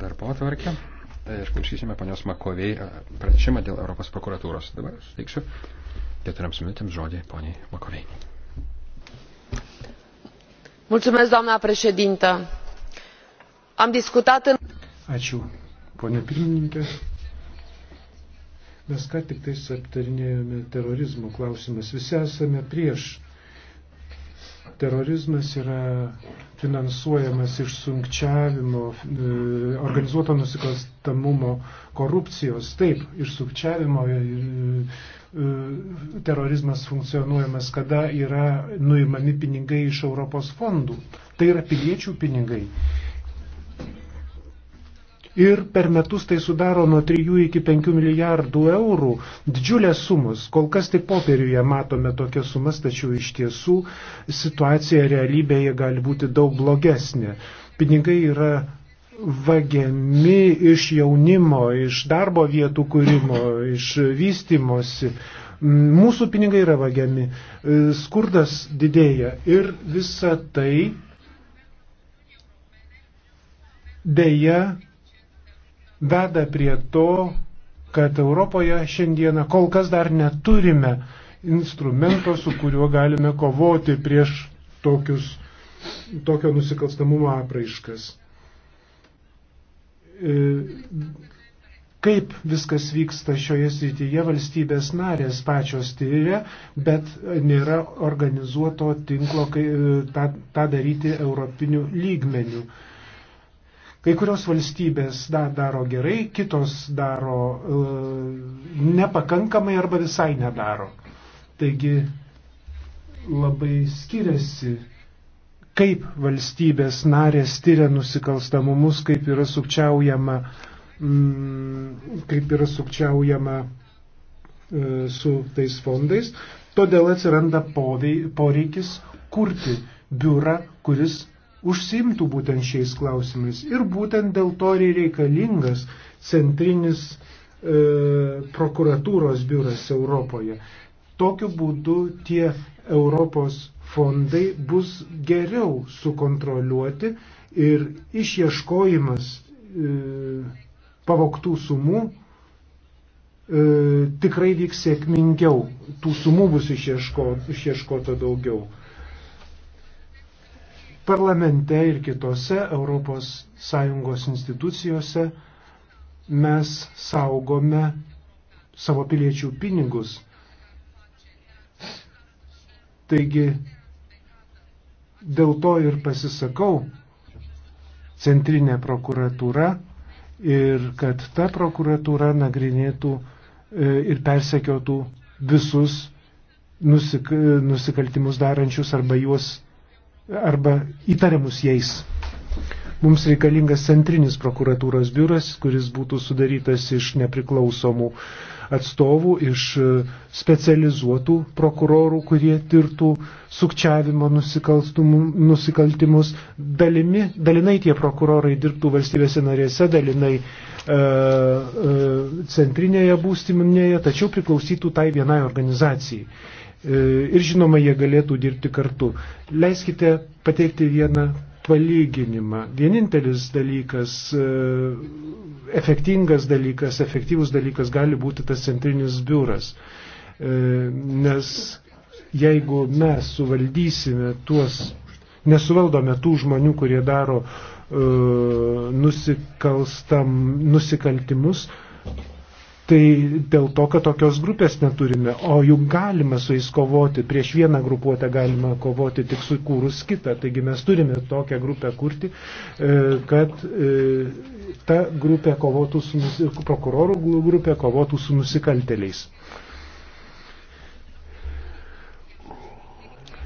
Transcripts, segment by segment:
darbo atvarkę. Tai išklausysime panios Makovei e, pranešimą dėl Europos prokuratūros. Dabar suteiksiu keturiams minutėms žodį poniai Makovei. Mulțumesc, doamna președintă. Am discutat în... Ačiū, ponia pirmininkė. Mes ką tik tais aptarinėjome terorizmo klausimas. Visi esame prieš terorizmas yra finansuojamas iš sunkčiavimo, e, organizuoto nusikalstamumo, korupcijos, taip, iš sukčiavimo e, e, terorizmas funkcionuojamas, kada yra nuimami pinigai iš Europos fondų. Tai yra piliečių pinigai ir per metus tai sudaro nuo 3 iki 5 milijardų eurų. Didžiulės sumos, kol kas tik popieriuje matome tokias sumas, tačiau iš tiesų situacija realybėje gali būti daug blogesnė. Pinigai yra vagiami iš jaunimo, iš darbo vietų kūrimo, iš vystimosi. Mūsų pinigai yra vagiami, skurdas didėja ir visa tai dėja veda prie to, kad Europoje šiandieną kol kas dar neturime instrumento, su kuriuo galime kovoti prieš tokius, tokio nusikalstamumo apraiškas. E, kaip viskas vyksta šioje srityje, valstybės narės pačios tyria, bet nėra organizuoto tinklo, kaip e, tą, tą daryti europiniu lygmeniu. Kai kurios valstybės da, daro gerai, kitos daro e, nepakankamai arba visai nedaro. Taigi labai skiriasi, kaip valstybės narės tyria nusikalstamumus, kaip yra sukčiaujama, mm, kaip yra sukčiaujama e, su tais fondais. Todėl atsiranda povei, poreikis kurti biurą, kuris užsimtų būtent šiais klausimais. Ir būtent dėl to reikalingas centrinis e, prokuratūros biuras Europoje. Tokiu būdu tie Europos fondai bus geriau sukontroliuoti ir išieškojimas e, pavoktų sumų e, tikrai vyks sėkmingiau. Tų sumų bus išieško, išieškota daugiau parlamente ir kitose ES institucijose mes saugome savo piliečių pinigus. Taigi dėl to ir pasisakau centrinė prokuratūra ir kad ta prokuratūra nagrinėtų e, ir persekiotų visus nusik nusikaltimus darančius arba juos arba įtariamus jais. Mums reikalingas centrinis prokuratūros biuras, kuris būtų sudarytas iš nepriklausomų atstovų, iš e, specializuotų prokurorų, kurie tirtų sukčiavimo nusikaltimus. Dalimi, dalinai tie prokurorai dirbtų valstybėse narėse, dalinai e, e, centrinėje būstiminėje, tačiau priklausytų tai vienai organizacijai. E, ir žinoma, jie galėtų dirbti kartu. Leiskite pateikti vieną palyginimą. Vienintelis dalykas, e, efektingas dalykas, efektyvus dalykas gali būti tas centrinis biuras. E, nes jeigu mes suvaldysime tuos, nesuvaldome tų žmonių, kurie daro nusikalstam, nusikaltimus, tai dėl to, kad tokios grupės neturime, o juk galima su jais kovoti, prieš vieną grupuotę galima kovoti tik sukūrus kitą, taigi mes turime tokią grupę kurti, e, kad e, ta grupė kovotų su, prokurorų grupė kovotų su nusikalteliais.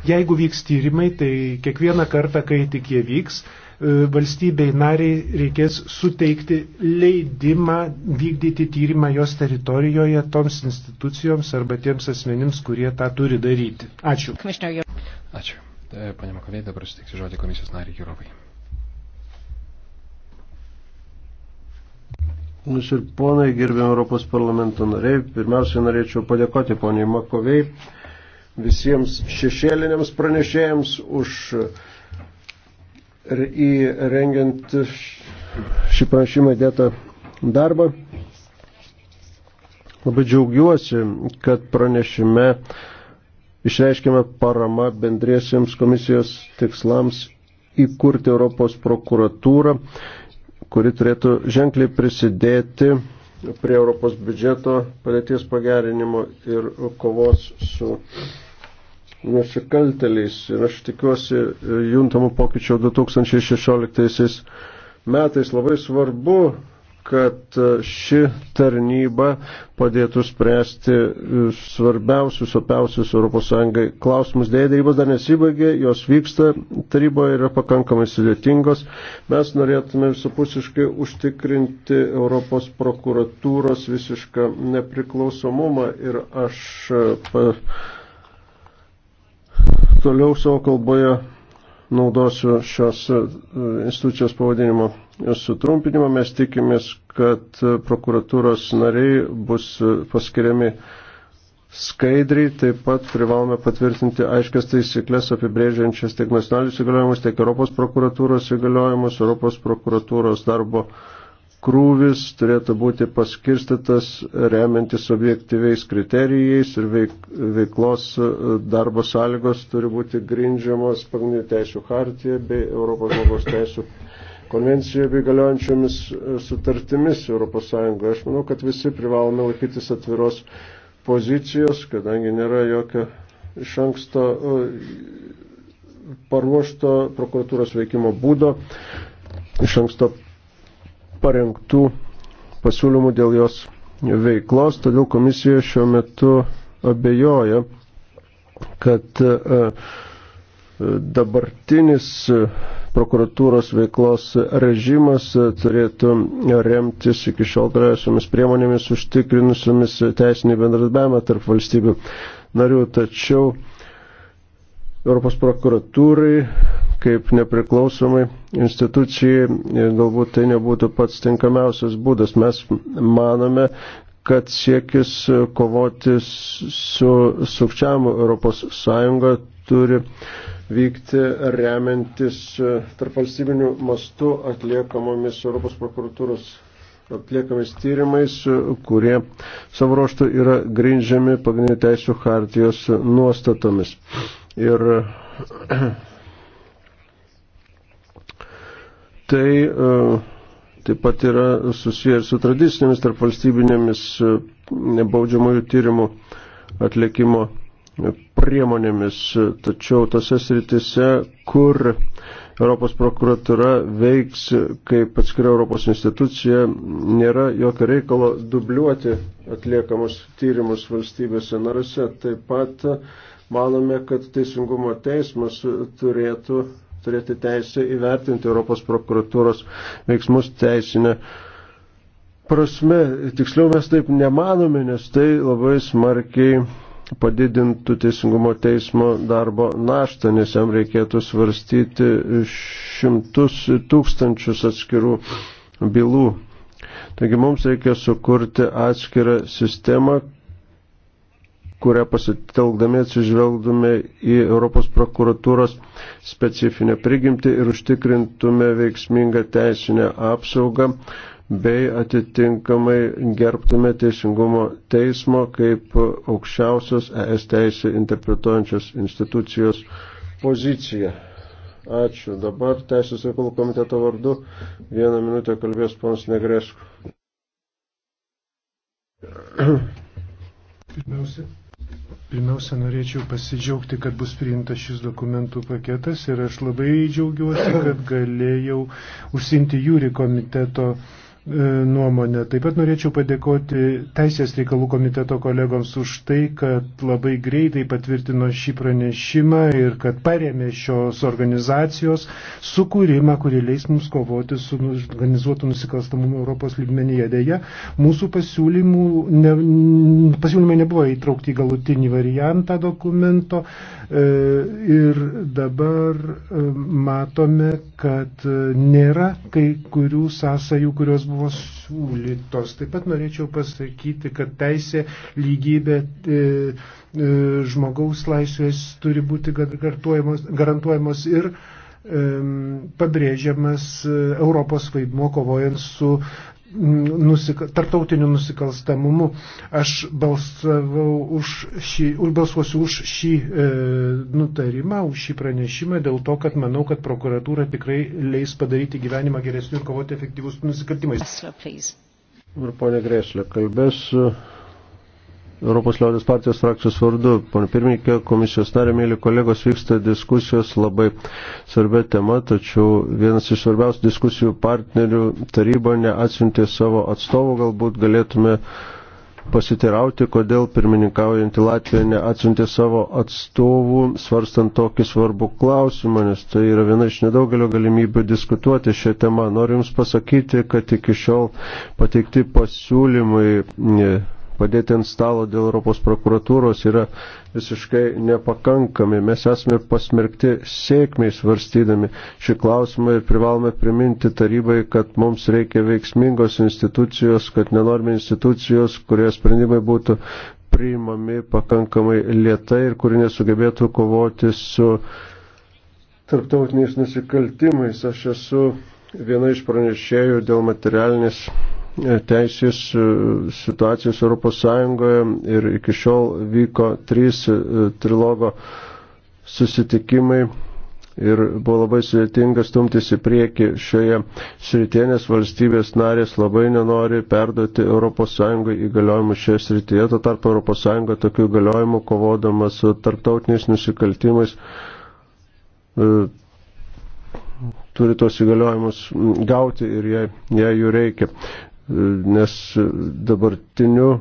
Jeigu vyks tyrimai, tai kiekvieną kartą, kai tik jie vyks, E, valstybei nariai reikės suteikti leidimą vykdyti tyrimą jos teritorijoje toms institucijoms arba tiems asmenims, kurie tą turi daryti. Ačiū. Ačiū. E, Pane Makovei, dabar suteiksiu žodį komisijos nariai Jurovai. Nes ir ponai, gerbėm Europos parlamento nariai, pirmiausia norėčiau padėkoti poniai Makovei visiems šešėliniams pranešėjams už uh, ir į rengiant šį pranešimą dėtą darbą. Labai džiaugiuosi, kad pranešime išreiškime parama bendriesiems komisijos tikslams įkurti Europos prokuratūrą, kuri turėtų ženkliai prisidėti prie Europos biudžeto padėties pagerinimo ir kovos su nusikalteliais ir aš tikiuosi juntamų pokyčio 2016 metais labai svarbu, kad e, ši tarnyba padėtų spręsti e, svarbiausius, opiausius ES klausimus. Dėja, darybos dar nesibaigė, jos vyksta, taryboje yra pakankamai sudėtingos. Mes norėtume visapusiškai užtikrinti Europos prokuratūros visišką nepriklausomumą ir aš. E, pa, toliau savo kalboje naudosiu šios e, institucijos pavadinimo sutrumpinimą. Mes tikimės, kad prokuratūros nariai bus paskiriami skaidriai, taip pat privalome patvirtinti aiškias taisyklės apibrėžiančias tiek nacionalinius įgaliojimus, tiek Europos prokuratūros įgaliojimus, Europos prokuratūros darbo krūvis turėtų būti paskirstytas remiantis objektyviais kriterijais ir veik, veiklos e, darbo sąlygos turi būti grindžiamos pagrindinių teisų hartija bei Europos žmogaus teisų konvencijoje bei galiojančiomis e, sutartimis ES. Aš manau, kad visi privalome laikytis atviros pozicijos, kadangi nėra jokio iš anksto e, paruošto prokuratūros veikimo būdo, iš anksto parengtų pasiūlymų dėl jos veiklos, todėl komisija šiuo metu abejoja, kad e, e, dabartinis e, prokuratūros veiklos režimas turėtų remtis iki šiol galiojusiamis priemonėmis užtikrinusiamis teisinį bendradarbiavimą tarp valstybių narių, tačiau Europos prokuratūrai kaip nepriklausomai institucijai, galbūt tai nebūtų pats tinkamiausias būdas. Mes manome, kad siekis kovoti su sukčiamu ES turi vykti remiantis tarpvalstybinių mastų atliekamomis Europos prokuratūros atliekamais tyrimais, kurie savo ruoštų yra grindžiami pagrindinių teisų hartijos nuostatomis. Ir Tai e, taip pat yra susiję ir su tradicinėmis tarp valstybinėmis e, nebaudžiamųjų tyrimų atlikimo priemonėmis. Tačiau tose sritise, kur Europos prokuratura veiks kaip atskira Europos institucija, nėra jokio reikalo dubliuoti atliekamus tyrimus valstybėse narose. Taip pat manome, kad Teisingumo teismas turėtų turėti teisę įvertinti Europos prokuratūros veiksmus teisinę prasme. Tiksliau mes taip nemanome, nes tai labai smarkiai padidintų teisingumo teismo darbo naštą, nes jam reikėtų svarstyti šimtus tūkstančius atskirų bylų. Taigi mums reikia sukurti atskirą sistemą, kurią pasitelkdami atsižvelgdume į Europos prokuratūros specifinę prigimtį ir užtikrintume veiksmingą teisinę apsaugą bei atitinkamai gerbtume teisingumo teismo kaip aukščiausios ES teisė interpretuojančios institucijos poziciją. Ačiū. Dabar Teisės reikalų komiteto vardu vieną minutę kalbės ponas Negresku. Pirmiausia, Pirmiausia, norėčiau pasidžiaugti, kad bus priimtas šis dokumentų paketas ir aš labai džiaugiuosi, kad galėjau užsimti jūri komiteto E, nuomonę. Taip pat norėčiau padėkoti Teisės reikalų komiteto kolegoms už tai, kad labai greitai patvirtino šį pranešimą ir kad paremė šios organizacijos sukūrimą, kuri leis mums kovoti su nu, organizuotu nusikalstamumu Europos lygmenyje. Deja, mūsų ne, pasiūlymai nebuvo įtraukti į galutinį variantą dokumento e, ir dabar e, matome, kad nėra kai kurių sąsajų, kurios buvo buvo siūlytos. Taip pat norėčiau pasakyti, kad teisė, lygybė, e, e, žmogaus laisvės turi būti garantuojamos ir e, pabrėžiamas Europos vaidmo kovojant su nusika, tarptautiniu nusikalstamumu. Aš balsavau už šį, balsuosiu už šį e, nutarimą, už šį pranešimą dėl to, kad manau, kad prokuratūra tikrai leis padaryti gyvenimą geresniu ir kovoti efektyvus nusikaltimais. Ir ponė Greslė, kalbės Europos liaudės partijos frakcijos vardu. Pana pirmininkė, komisijos narė, mėly kolegos, vyksta diskusijos labai svarbia tema, tačiau vienas iš svarbiausių diskusijų partnerių taryba neatsiuntė savo atstovų, galbūt galėtume pasitirauti, kodėl pirmininkaujantį Latviją neatsiuntė savo atstovų, svarstant tokį svarbų klausimą, nes tai yra viena iš nedaugelio galimybių diskutuoti šią temą. Noriu Jums pasakyti, kad iki šiol pateikti pasiūlymai e, padėti ant stalo dėl Europos prokuratūros yra visiškai nepakankami. Mes esame pasmerkti sėkmiai svarstydami šį klausimą ir privalome priminti tarybai, kad mums reikia veiksmingos institucijos, kad nenorime institucijos, kurie sprendimai būtų priimami pakankamai lietai ir kuri nesugebėtų kovoti su tarptautiniais nusikaltimais. Aš esu viena iš pranešėjų dėl materialinės teisės e, situacijos Europos Sąjungoje ir iki šiol vyko trys e, trilogo susitikimai ir buvo labai sudėtinga stumtis į priekį šioje srityje, nes valstybės narės labai nenori perduoti ES įgaliojimų šioje srityje, to tarp ES tokių įgaliojimų kovodama su tarptautiniais nusikaltimais e, turi tos įgaliojimus gauti ir jei, jei jų reikia nes dabartiniu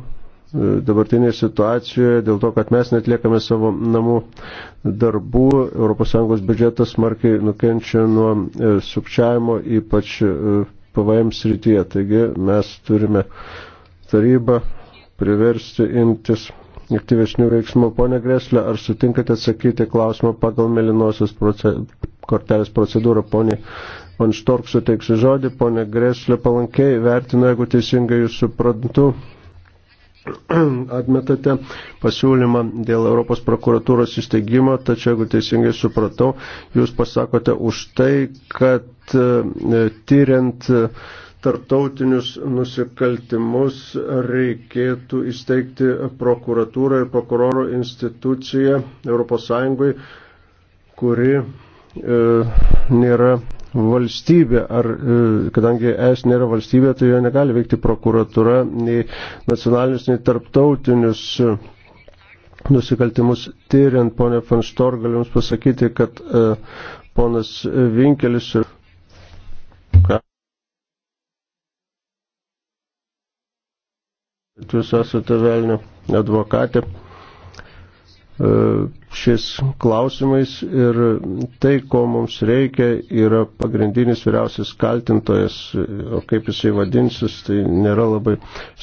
dabartinėje situacijoje dėl to, kad mes netliekame savo namų darbų, ES biudžetas smarkiai nukenčia nuo e, sukčiavimo, ypač e, PVM srityje. Taigi mes turime tarybą priversti imtis aktyvesnių veiksmų. Pone Greslė, ar sutinkate atsakyti klausimą pagal melinosios proce... kortelės procedūrą, ponė man Štork suteiksiu žodį, ponė Greslė palankiai vertinu, jeigu teisingai jūs suprantu, atmetate pasiūlymą dėl Europos prokuratūros įsteigimo, tačiau jeigu teisingai supratau, jūs pasakote už tai, kad e, tyriant tarptautinius nusikaltimus reikėtų įsteigti prokuratūrą ir prokuroro instituciją ES, kuri e, nėra valstybė, ar e, kadangi es nėra valstybė, tai jo negali veikti prokuratura, nei nacionalinius, nei tarptautinius e, nusikaltimus tyriant, ponė Fanstor, galim jums pasakyti, kad e, ponas Vinkelis ir Jūs esate velnio advokatė šiais klausimais ir tai, ko mums reikia, yra pagrindinis vyriausias kaltintojas, o kaip jisai vadinsis, tai nėra labai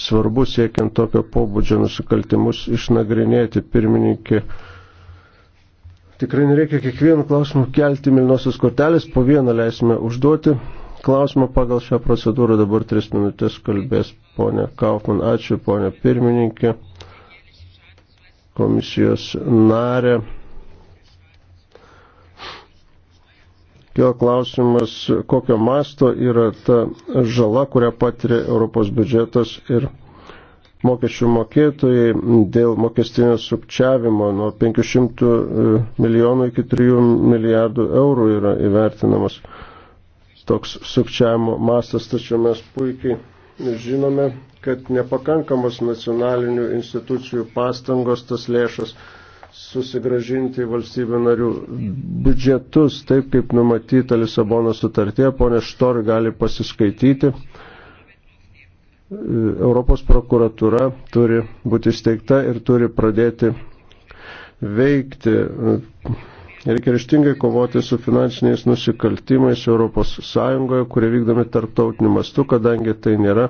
svarbu siekiant tokio pobūdžio nusikaltimus išnagrinėti pirmininkė. Tikrai nereikia kiekvienų klausimų kelti milnosios kortelės, po vieną leisime užduoti. Klausimą pagal šią procedūrą dabar tris minutės kalbės ponė Kaufman. Ačiū, ponė pirmininkė komisijos narę. Kio klausimas, kokio masto yra ta žala, kurią patiria Europos biudžetas ir mokesčių mokėtojai dėl mokestinio sukčiavimo nuo 500 e, milijonų iki 3 milijardų eurų yra įvertinamas toks sukčiavimo mastas, tačiau mes puikiai žinome, kad nepakankamos nacionalinių institucijų pastangos tas lėšas susigražinti valstybių narių biudžetus, taip kaip numatyta Lisabono sutartė, ponė Štor gali pasiskaityti. Europos prokuratura turi būti įsteigta ir turi pradėti veikti. Reikia ryštingai kovoti su finansiniais nusikaltimais Europos Sąjungoje, kurie vykdomi tarptautiniu mastu, kadangi tai nėra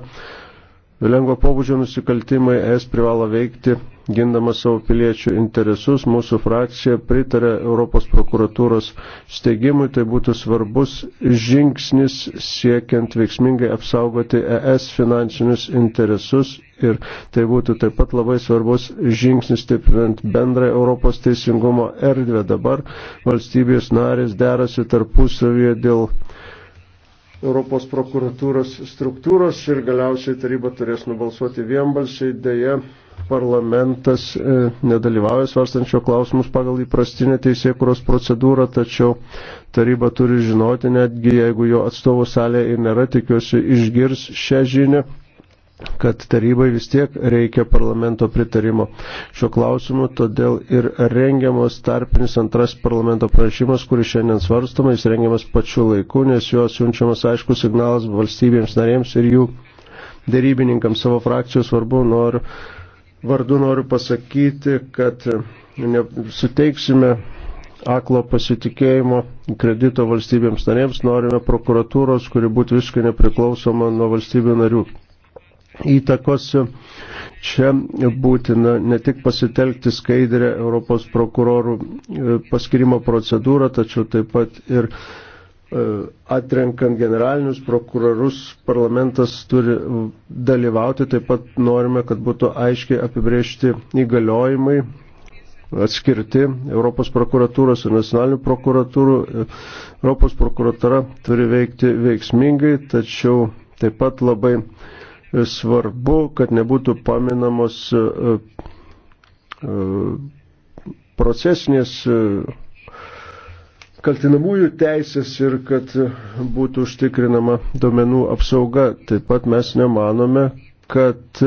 Lengvo pobūdžio nusikaltimai es privalo veikti, gindama savo piliečių interesus. Mūsų frakcija pritarė Europos prokuratūros steigimui, tai būtų svarbus žingsnis siekiant veiksmingai apsaugoti es finansinius interesus ir tai būtų taip pat labai svarbus žingsnis stiprinant bendrą Europos teisingumo erdvę. Dabar valstybės narės derasi tarpusavyje dėl Europos prokuratūros struktūros ir galiausiai taryba turės nubalsuoti vienbalsiai, dėje parlamentas e, nedalyvauja svarstančio klausimus pagal įprastinę teisėkuros procedūrą, tačiau taryba turi žinoti, netgi jeigu jo atstovų salėje ir nėra, tikiuosi išgirs šią žinią kad tarybai vis tiek reikia parlamento pritarimo šio klausimu, todėl ir rengiamas tarpinis antras parlamento pranešimas, kuris šiandien svarstama, jis rengiamas pačiu laiku, nes juo siunčiamas aiškus signalas valstybėms narėms ir jų dėrybininkams savo frakcijos svarbu noriu, vardu noriu pasakyti, kad ne, suteiksime aklo pasitikėjimo kredito valstybėms narėms, norime prokuratūros, kuri būtų visiškai nepriklausoma nuo valstybių narių įtakos. Čia būtina ne tik pasitelkti skaidrę Europos prokurorų e, paskirimo procedūrą, tačiau taip pat ir e, atrenkant generalinius prokurorus parlamentas turi dalyvauti, taip pat norime, kad būtų aiškiai apibriežti įgaliojimai atskirti Europos prokuratūros ir nacionalinių prokuratūrų. E, Europos prokuratūra turi veikti veiksmingai, tačiau taip pat labai svarbu, kad nebūtų paminamos e, e, procesinės e, kaltinamųjų teisės ir kad būtų užtikrinama domenų apsauga. Taip pat mes nemanome, kad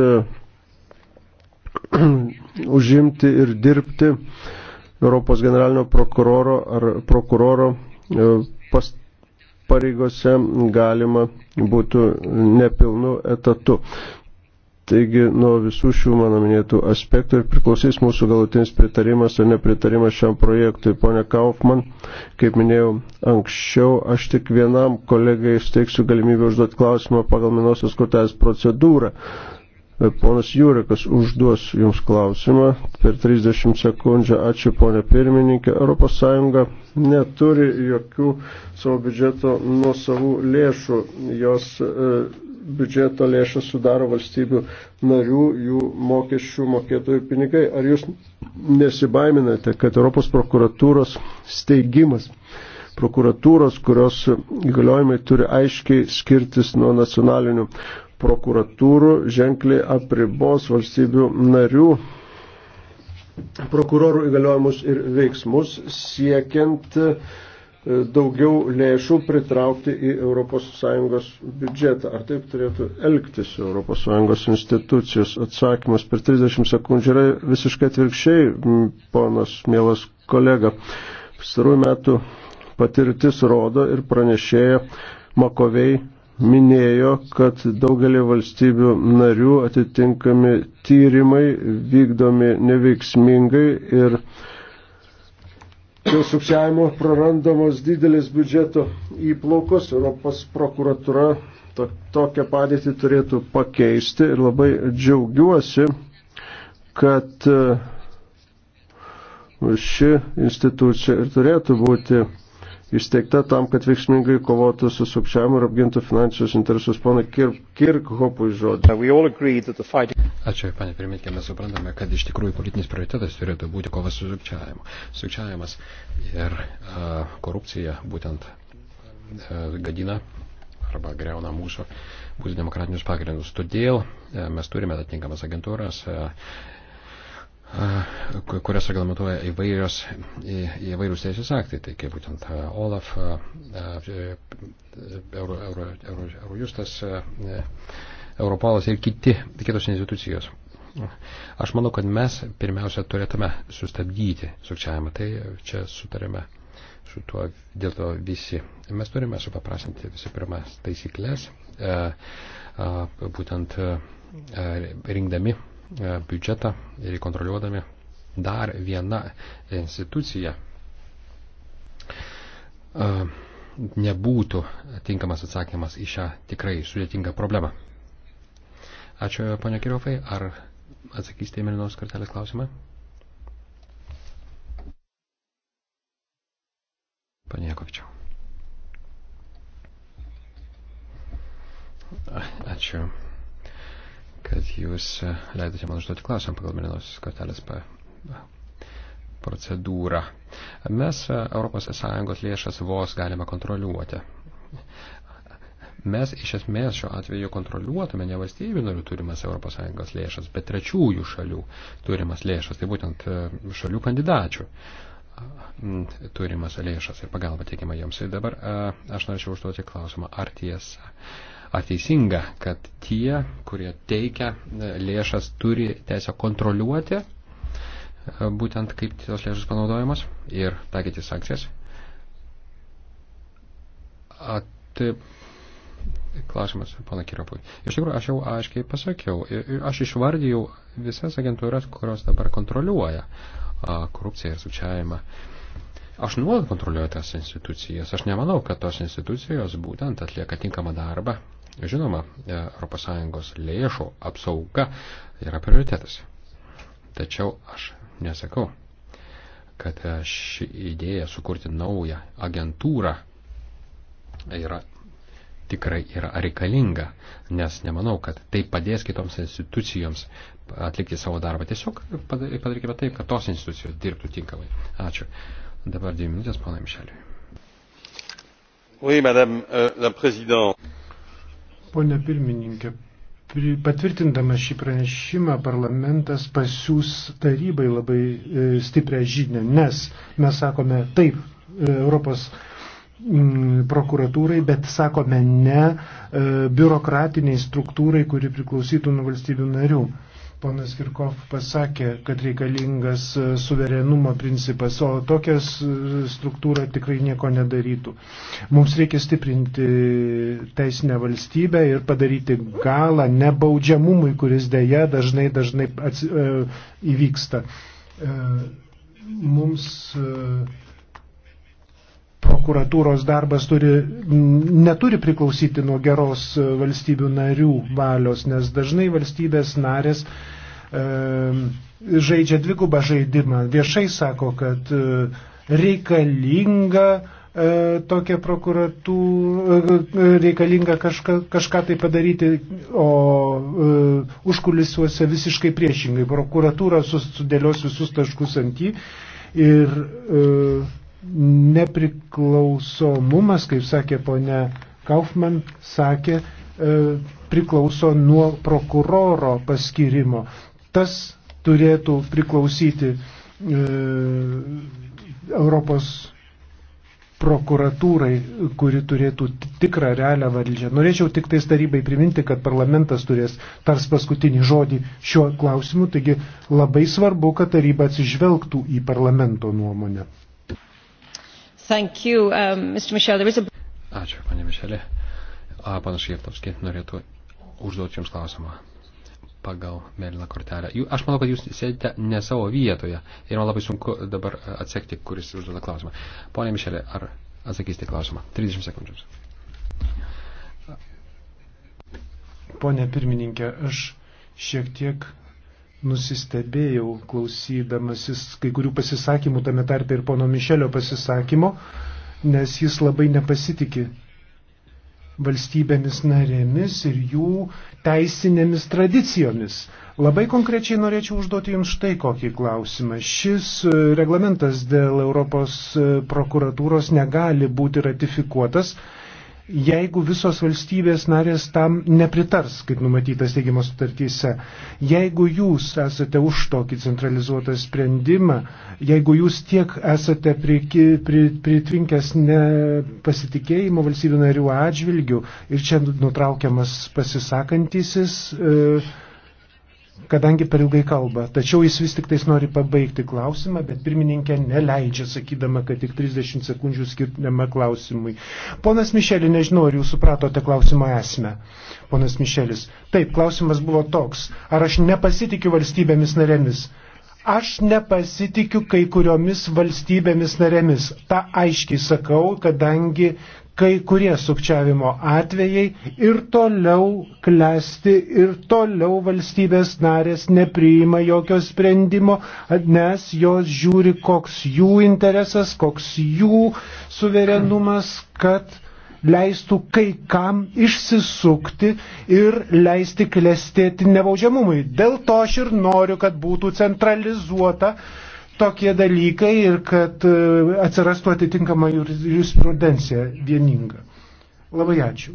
užimti ir dirbti Europos generalinio prokuroro ar prokuroro past pareigose galima būtų nepilnu etatu. Taigi nuo visų šių mano minėtų aspektų ir priklausys mūsų galutinis pritarimas ar nepritarimas šiam projektui. Pone Kaufman, kaip minėjau anksčiau, aš tik vienam kolegai steiksiu galimybę užduoti klausimą pagal minosios kortelės procedūrą. E, ponas Jurekas užduos Jums klausimą per 30 sekundžių. Ačiū, ponė pirmininkė. ES neturi jokių savo biudžeto nuosavų lėšų. Jos e, biudžeto lėšas sudaro valstybių narių, jų mokesčių mokėtojų pinigai. Ar Jūs nesibaiminate, kad Europos prokuratūros steigimas prokuratūros, kurios įgaliojimai turi aiškiai skirtis nuo nacionalinių prokuratūrų ženkliai apribos valstybių narių prokurorų įgaliojimus ir veiksmus siekiant e, daugiau lėšų pritraukti į ES biudžetą. Ar taip turėtų elgtis ES institucijos? Atsakymas per 30 sekundžių yra visiškai atvirkščiai, ponas mielas kolega. Pastarųjų metų patirtis rodo ir pranešėja Makovei minėjo, kad daugelį valstybių narių atitinkami tyrimai vykdomi neveiksmingai ir dėl sukčiavimo prarandamos didelis biudžeto įplaukos. Europos prokuratura to, tokią padėtį turėtų pakeisti ir labai džiaugiuosi, kad e, ši institucija ir turėtų būti įsteigta tam, kad veiksmingai kovotų su sukčiavimu ir apgintų finansijos interesus. Pana Kirk, Kirkhopui žodį. Ačiū, panė pirmininkė, mes suprantame, kad iš tikrųjų politinis prioritetas turėtų būti kova su sukčiavimu. Sukčiavimas ir uh, korupcija būtent uh, gadina arba greuna mūsų, mūsų demokratinius pagrindus. Todėl uh, mes turime atitinkamas agentūras. Uh, kurias reglamentuoja įvairios, įvairius teisės aktai, tai kaip būtent OLAF, Eurojustas, Euro, Euro, Euro e, Europolas ir kiti, kitos institucijos. Aš manau, kad mes pirmiausia turėtume sustabdyti sukčiavimą, tai čia sutarėme su tuo, dėl to visi. Mes turime supaprasinti visų pirma taisyklės, e, būtent e, rinkdami E, biudžetą ir kontroliuodami dar vieną instituciją e, nebūtų tinkamas atsakymas į šią tikrai sudėtingą problemą. Ačiū, ponia Kirofai. Ar atsakysite į Melinos kartelės klausimą? Pane Jakovičiau. Ačiū kad jūs e, leidote man užduoti klausimą pagal Melinosios kortelės pa, procedūrą. Mes ES lėšas vos galime kontroliuoti. Mes iš esmės šiuo atveju kontroliuotume ne valstybių narių turimas ES lėšas, bet trečiųjų šalių turimas lėšas, tai būtent e, šalių kandidačių turimas lėšas ir pagalba teikiama joms. Ir dabar e, aš norėčiau užduoti klausimą, ar tiesa, Ar teisinga, kad tie, kurie teikia e, lėšas, turi teisę kontroliuoti e, būtent kaip tos lėšas panaudojamos ir taikyti sankcijas? A, taip, klausimas, pana Kirapui. Iš tikrųjų, aš jau aiškiai pasakiau, aš išvardijau visas agentūras, kurios dabar kontroliuoja korupciją ir sučiavimą. Aš nuolat kontroliuoju tas institucijas. Aš nemanau, kad tos institucijos būtent atlieka tinkamą darbą Žinoma, ES lėšų apsauga yra prioritetas. Tačiau aš nesakau, kad e, ši idėja sukurti naują agentūrą yra tikrai yra reikalinga, nes nemanau, kad tai padės kitoms institucijoms atlikti savo darbą. Tiesiog padarykime taip, kad tos institucijos dirbtų tinkamai. Ačiū. Dabar dvi minutės, pana Mišeliui. Oui, madame euh, la présidente. Pone pirmininkė, patvirtindamas šį pranešimą parlamentas pasiūs tarybai labai e, stiprią žinę, nes mes sakome taip e, Europos prokuratūrai, bet sakome ne e, biurokratiniai struktūrai, kuri priklausytų nuo valstybių narių. Ponas Kirkov pasakė, kad reikalingas e, suverenumo principas, o tokia struktūra tikrai nieko nedarytų. Mums reikia stiprinti teisinę valstybę ir padaryti galą nebaudžiamumui, kuris dėja dažnai, dažnai ats, e, įvyksta. E, mums e, prokuratūros darbas turi, neturi priklausyti nuo geros e, valstybių narių valios, nes dažnai valstybės narės e, žaidžia dvigubą žaidimą. Viešai sako, kad e, reikalinga e, tokia prokuratūra, e, reikalinga kažka, kažką tai padaryti, o užkulisiuose visiškai priešingai. Prokuratūra sudėlios visus taškus ant jį ir nepriklausomumas, kaip sakė ponia Kaufman, sakė, priklauso nuo prokuroro paskirimo tas turėtų priklausyti e, Europos prokuratūrai, kuri turėtų tikrą realią valdžią. Norėčiau tik tais tarybai priminti, kad parlamentas turės tars paskutinį žodį šiuo klausimu, taigi labai svarbu, kad taryba atsižvelgtų į parlamento nuomonę. Thank you, um, Mr. Michel. A... Ačiū, panė Mišelė. Panašiai, Jevtovskiai norėtų užduoti Jums klausimą pagal mėlyną kortelę. Aš manau, kad jūs sėdite ne savo vietoje ir man labai sunku dabar atsekti, kuris užduoda klausimą. Pone Mišelė, ar atsakysite klausimą? 30 sekundžių. Pone pirmininkė, aš šiek tiek nusistebėjau klausydamasis kai kurių pasisakymų, tame tarpe ir pono Mišelio pasisakymo, nes jis labai nepasitikė valstybėmis narėmis ir jų teisinėmis tradicijomis. Labai konkrečiai norėčiau užduoti Jums štai kokį klausimą. Šis e, reglamentas dėl Europos e, prokuratūros negali būti ratifikuotas jeigu visos valstybės narės tam nepritars, kaip numatyta steigimo sutartyse. Jeigu jūs esate už tokį centralizuotą sprendimą, jeigu jūs tiek esate priki, pri, pritvinkęs nepasitikėjimo valstybių narių atžvilgių ir čia nutraukiamas pasisakantisis, e, kadangi per ilgai kalba. Tačiau jis vis tik tais nori pabaigti klausimą, bet pirmininkė neleidžia, sakydama, kad tik 30 sekundžių skirtinama klausimui. Ponas Mišelis, nežinau, ar jūs supratote klausimo esmę. Ponas Mišelis, taip, klausimas buvo toks. Ar aš nepasitikiu valstybėmis narėmis? Aš nepasitikiu kai kuriomis valstybėmis narėmis. Ta aiškiai sakau, kadangi kai kurie sukčiavimo atvejai ir toliau klesti, ir toliau valstybės narės nepriima jokio sprendimo, nes jos žiūri, koks jų interesas, koks jų suverenumas, kad leistų kai kam išsisukti ir leisti klestėti nebaudžiamumui. Dėl to aš ir noriu, kad būtų centralizuota uh, tokie dalykai ir kad e, atsirastų atitinkama jurisprudencija vieninga. Labai ačiū.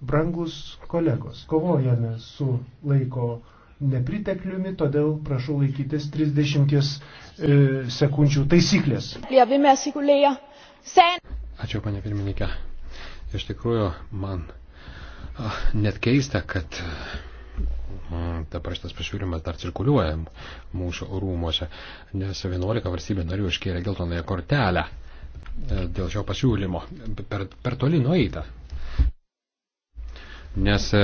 Brangus kolegos, kovojame su laiko nepritekliumi, todėl prašau laikytis 30 e, sekundžių taisyklės. Ačiū, panė pirmininkė. Iš tikrųjų, man net keista, kad dabar šitas pasiūlymas dar cirkuliuoja mūsų rūmose, nes 11 valstybė narių iškėlė geltonąją kortelę e, dėl šio pasiūlymo. Per, per toli nueita. Nes e,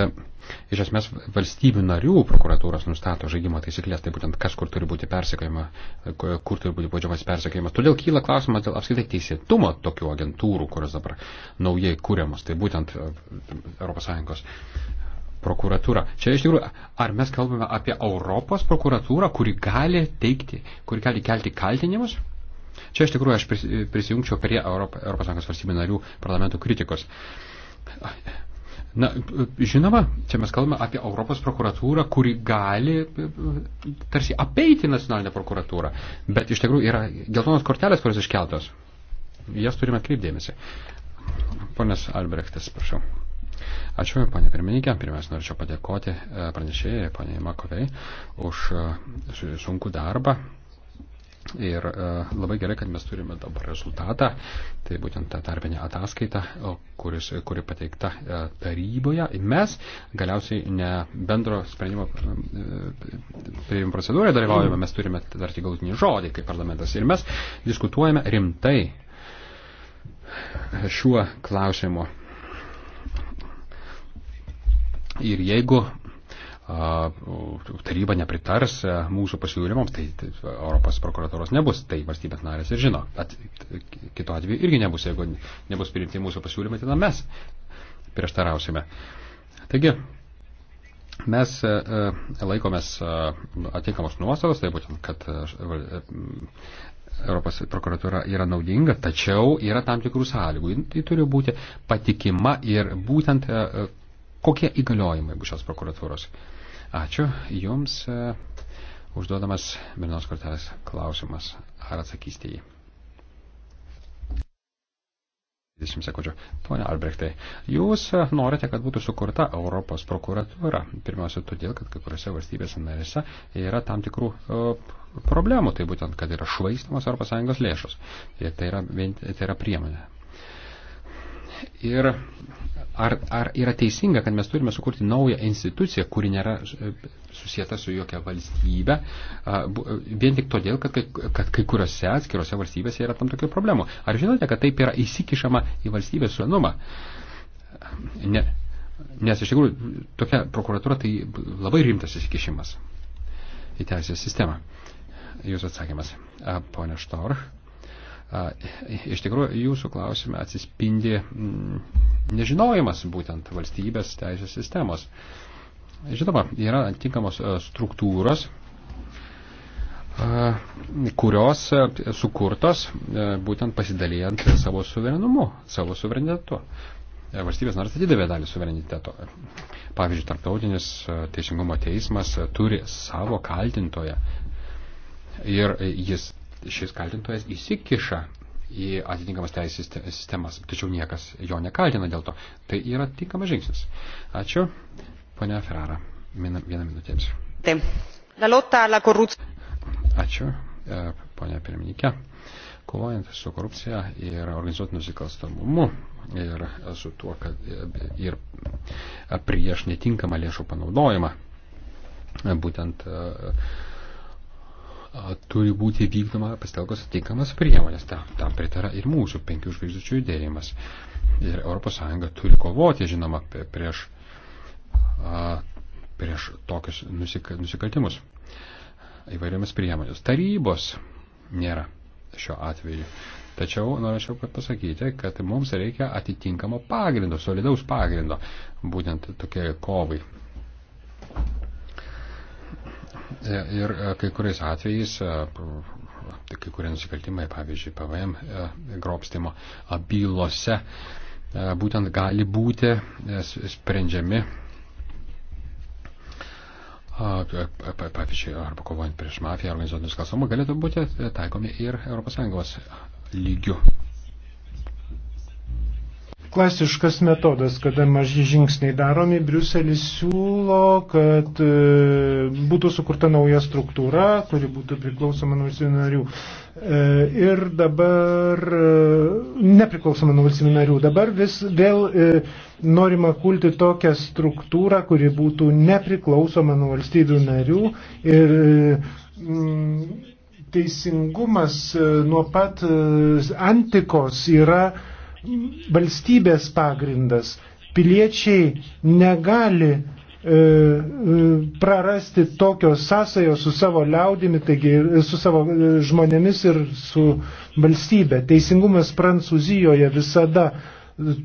iš esmės valstybių narių prokuratūros nustato žaidimo taisyklės, tai būtent kas kur turi būti persekėjama, e, kur turi būti baudžiamas persekėjimas. Todėl kyla klausimas dėl apskaitai teisėtumo tokių agentūrų, kurios dabar naujai kūriamos, tai būtent ES prokuratūra. Čia iš tikrųjų, ar mes kalbame apie Europos prokuratūrą, kuri gali teikti, kuri gali kelti kaltinimus? Čia iš tikrųjų aš prisijungčiau prie Europos, Europos Sąjungos valstybių narių parlamentų kritikos. Na, žinoma, čia mes kalbame apie Europos prokuratūrą, kuri gali tarsi apeiti nacionalinę prokuratūrą, bet iš tikrųjų yra geltonos kortelės, kurios iškeltos. Jas turime atkreipdėmėsi. Ponas Albrechtas, prašau. Ačiū, panė pirmininkė. Pirmiausia, norėčiau padėkoti e, pranešėjai, panė Makovei, už e, sunkų darbą. Ir e, labai gerai, kad mes turime dabar rezultatą, tai būtent tą tarpinę ataskaitą, kuris, kuri pateikta taryboje. Mes galiausiai ne bendro sprendimo prieimimo procedūroje dalyvaujame, mes turime dar tik galutinį žodį kaip parlamentas. Ir mes diskutuojame rimtai šiuo klausimu ir jeigu taryba nepritars e, mūsų pasiūlymams, tai, tai Europos prokuratūros nebus, tai valstybės narės ir žino. At, kito atveju irgi nebus, jeigu nebus priimti mūsų pasiūlymai, tai mes prieštarausime. Taigi, mes e, e, laikomės atinkamos nuostatos, tai būtent, kad Europos prokuratūra yra naudinga, tačiau yra tam tikrų sąlygų. Ji turi būti patikima ir būtent Kokie įgaliojimai bus šios prokuratūros? Ačiū Jums. E, užduodamas Mirnos kortelės klausimas. Ar atsakysite jį? 20 sekundžių. Pone Albrechtai, jūs norite, kad būtų sukurta Europos prokuratūra. Pirmiausia, todėl, kad kai kuriuose valstybėse narėse yra tam tikrų uh, problemų, tai būtent, kad yra švaistamos ES lėšos. Ir tai yra, tai yra priemonė. Ir Ar, ar yra teisinga, kad mes turime sukurti naują instituciją, kuri nėra e, susijęta su jokia valstybė, e, vien tik todėl, kad kai, kad kai kuriuose atskiruose valstybėse yra tam tokių problemų. Ar žinote, kad taip yra įsikišama į valstybės suenumą? Ne, nes iš tikrųjų tokia prokuratūra tai labai rimtas įsikišimas į teisės sistemą. Jūsų atsakymas, ponia Štorch. Iš tikrųjų, jūsų klausime atsispindi mm, nežinojimas būtent valstybės teisės sistemos. Žinoma, yra tinkamos e, struktūros, kurios e, sukurtos e, būtent pasidalijant savo suverenumu, savo suverenitetu. Valstybės nors atidavė dalį suvereniteto. Pavyzdžiui, tarptautinis teisingumo teismas turi savo kaltintoją ir jis šis kaltintojas įsikiša į atitinkamas teisės sistemas, tačiau niekas jo nekaltina dėl to. Tai yra tinkamas žingsnis. Ačiū, ponia Ferrara. Vieną minutę jums. Ačiū, e, ponia pirmininkė. Kovojant su korupcija ir organizuotų nusikalstamumu ir su tuo, kad e, ir prieš netinkamą lėšų panaudojimą, būtent uh, turi būti vykdoma pastelkos atitinkamas priemonės. Tam, tam pritara ir mūsų penkių žvaigždučių judėjimas. Ir ES turi kovoti, žinoma, prieš, a, prieš tokius nusika, nusikaltimus įvairiomis priemonės. Tarybos nėra šiuo atveju. Tačiau norėčiau pasakyti, kad mums reikia atitinkamo pagrindo, solidaus pagrindo būtent tokiai kovai E, ir e, kai kuriais atvejais, tai kai kurie nusikaltimai, pavyzdžiui, PVM grobstimo bylose, būtent gali būti sprendžiami, pavyzdžiui, arba kovojant prieš mafiją, organizuotus kalstamą, galėtų būti taikomi ir ES lygių klasiškas metodas, kada maži žingsniai daromi, Briuselis siūlo, kad e, būtų sukurta nauja struktūra, kuri būtų priklausoma nuo valstybių narių. E, ir dabar, e, nepriklausoma nuo valstybių narių, dabar vis vėl norima kulti tokią struktūrą, kuri būtų nepriklausoma nuo valstybių narių. Ir, Teisingumas nuo pat antikos yra valstybės pagrindas. Piliečiai negali e, e prarasti tokios sąsajos su savo liaudimi, taigi e, su savo e, žmonėmis ir su valstybe. Teisingumas Prancūzijoje visada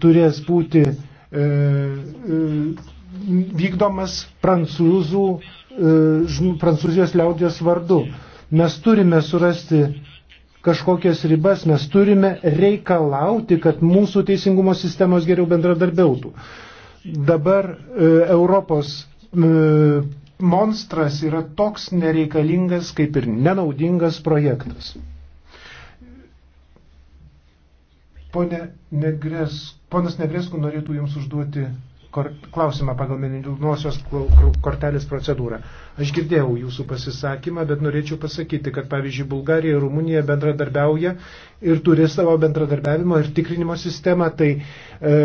turės būti e, e, vykdomas prancūzų, e, prancūzijos liaudės vardu. Mes turime surasti kažkokias ribas, mes turime reikalauti, kad mūsų teisingumo sistemos geriau bendradarbiautų. Dabar e, Europos e, monstras yra toks nereikalingas kaip ir nenaudingas projektas. Pone Negres, ponas Negresku norėtų Jums užduoti klausimą pagal mėlynosios kortelės procedūrą. Aš girdėjau jūsų pasisakymą, bet norėčiau pasakyti, kad pavyzdžiui Bulgarija ir Rumunija bendradarbiauja ir turi savo bendradarbiavimo ir tikrinimo sistemą, tai e,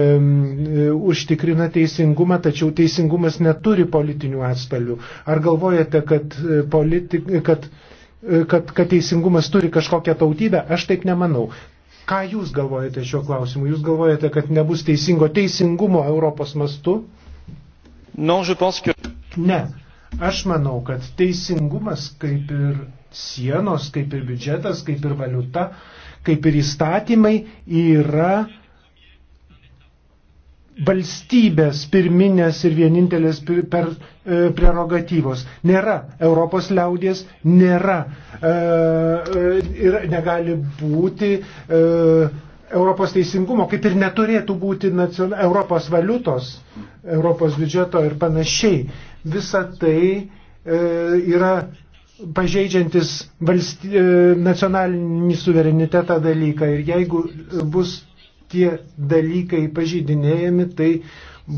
užtikrina teisingumą, tačiau teisingumas neturi politinių atspalvių. Ar galvojate, kad, e, politik, kad e, kad, kad teisingumas turi kažkokią tautybę, aš taip nemanau. Ką Jūs galvojate šiuo klausimu? Jūs galvojate, kad nebus teisingo teisingumo Europos mastu? Non, que... Ne. Aš manau, kad teisingumas kaip ir sienos, kaip ir biudžetas, kaip ir valiuta, kaip ir įstatymai yra valstybės pirminės ir vienintelės per, e, prerogatyvos. Nėra Europos liaudies, nėra e, e, ir negali būti e, Europos teisingumo, kaip ir neturėtų būti nacion... Europos valiutos, Europos biudžeto ir panašiai. Visa tai e, yra pažeidžiantis valsty, e, nacionalinį suverenitetą dalyką. Ir jeigu bus tie dalykai pažydinėjami, tai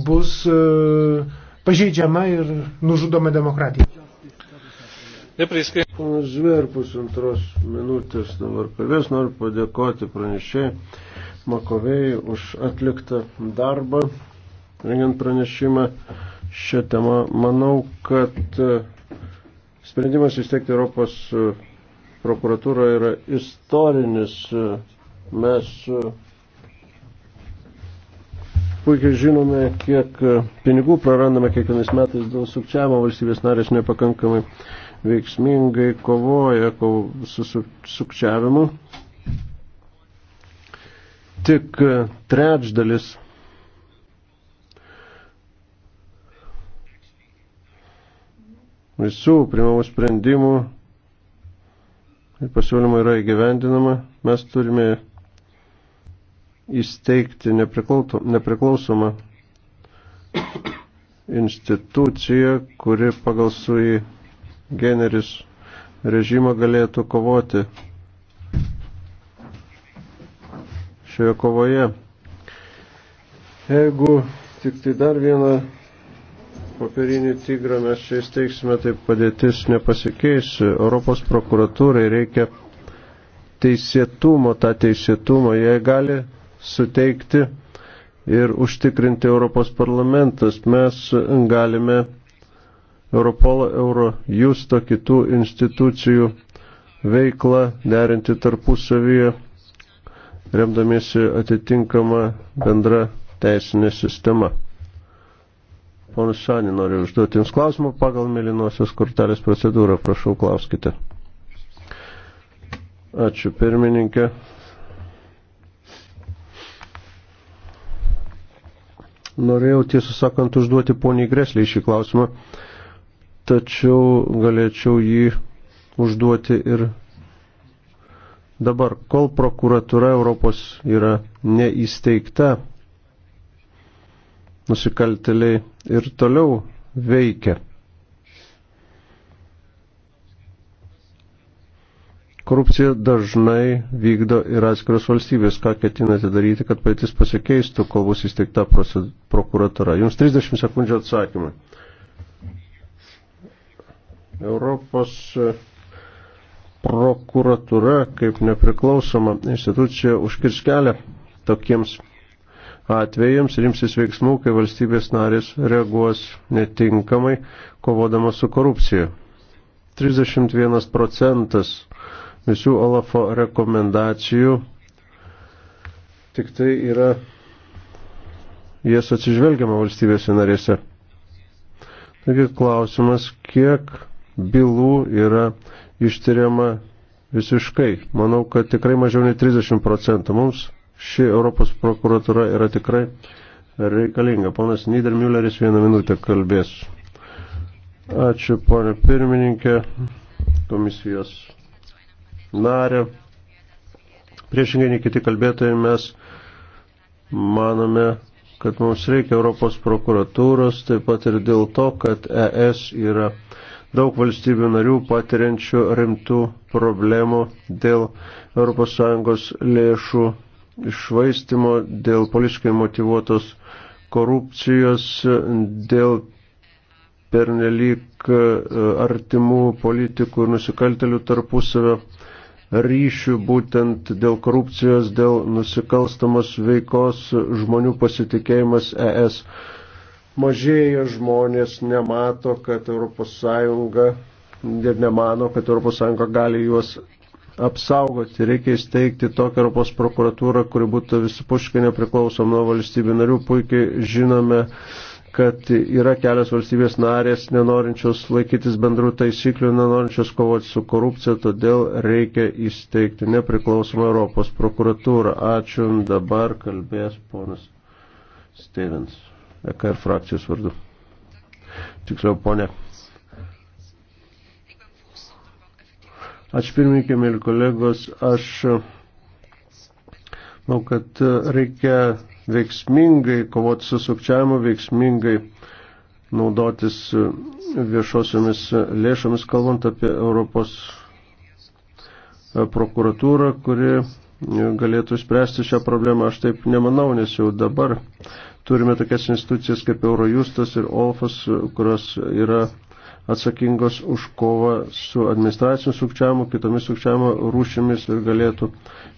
bus e, pažydžiama ir nužudoma demokratija. Nepriskaitai. Panas Žver pusantros minutės dabar kalbės, noriu padėkoti pranešėjai Makovėjai už atliktą darbą, rengiant pranešimą šią temą. Manau, kad e, sprendimas įsteigti Europos e, prokuratūrą yra istorinis. Mes Puikiai žinome, kiek e, pinigų prarandame kiekvienais metais dėl sukčiavimo valstybės narės nepakankamai veiksmingai kovoja kov, su, su sukčiavimu. Tik e, trečdalis visų primamų sprendimų ir pasiūlymų yra įgyvendinama. Mes turime įsteigti nepriklausomą instituciją, kuri pagal sui generis režimą galėtų kovoti šioje kovoje. Jeigu tik tai dar vieną popierinį tigrą mes čia įsteigsime, tai padėtis nepasikeis. Europos prokuratūrai reikia teisėtumo, tą teisėtumą. Jie gali suteikti ir užtikrinti Europos parlamentas. Mes galime Europolo, Eurojusto, kitų institucijų veiklą derinti tarpusavyje, remdamiesi atitinkamą bendrą teisinę sistemą. Ponas Šanį noriu užduoti Jums klausimą pagal mėlynosios kortelės procedūrą. Prašau, klauskite. Ačiū, pirmininkė. Norėjau tiesą sakant užduoti poniai Greslį šį klausimą, tačiau galėčiau jį užduoti ir dabar. Kol prokuratura Europos yra neįsteigta, nusikalteliai ir toliau veikia. Korupcija dažnai vykdo ir atskiros valstybės. Ką ketinate daryti, kad patys pasikeistų, kol bus įsteigta prokuratūra? Jums 30 sekundžių atsakymai. Europos e, prokuratūra kaip nepriklausoma institucija užkirs kelią tokiems atvejams ir imsis veiksmų, kai valstybės narės reaguos netinkamai kovodama su korupcija. 31 procentas visų Olafo rekomendacijų tik tai yra jas atsižvelgiama valstybėse narėse. Taigi klausimas, kiek bylų yra ištiriama visiškai. Manau, kad tikrai mažiau nei 30 procentų. Mums ši Europos prokuratura yra tikrai reikalinga. Ponas Niedermülleris vieną minutę kalbės. Ačiū, ponė pirmininkė, komisijos narę. Priešingai nei kiti kalbėtojai mes manome, kad mums reikia Europos prokuratūros, taip pat ir dėl to, kad ES yra daug valstybių narių patiriančių rimtų problemų dėl ES lėšų išvaistimo, dėl politiškai motivuotos korupcijos, dėl pernelyg e, artimų politikų ir nusikaltelių tarpusavio ryšių būtent dėl korupcijos, dėl nusikalstamos veikos žmonių pasitikėjimas ES. Mažėja žmonės, nemato, kad ES ir nemano, kad ES gali juos apsaugoti. Reikia įsteigti tokią Europos prokuratūrą, kuri būtų visapuškai nepriklausoma nuo valstybių narių. Puikiai žinome, kad yra kelios valstybės narės nenorinčios laikytis bendrų taisyklių, nenorinčios kovoti su korupcija, todėl reikia įsteigti nepriklausomą Europos prokuratūrą. Ačiū, dabar kalbės ponas Stevens, EKR frakcijos vardu. Tiksliau, ponė. Ačiū pirmininkė, mėly kolegos, aš manau, kad reikia veiksmingai kovoti su sukčiavimu, veiksmingai naudotis viešosiomis lėšomis, kalbant apie Europos prokuratūrą, kuri galėtų spręsti šią problemą. Aš taip nemanau, nes jau dabar turime tokias institucijas kaip Eurojustas ir Olfas, kurios yra atsakingos už kovą su administraciniu sukčiavimu, kitomis sukčiavimo rūšimis ir galėtų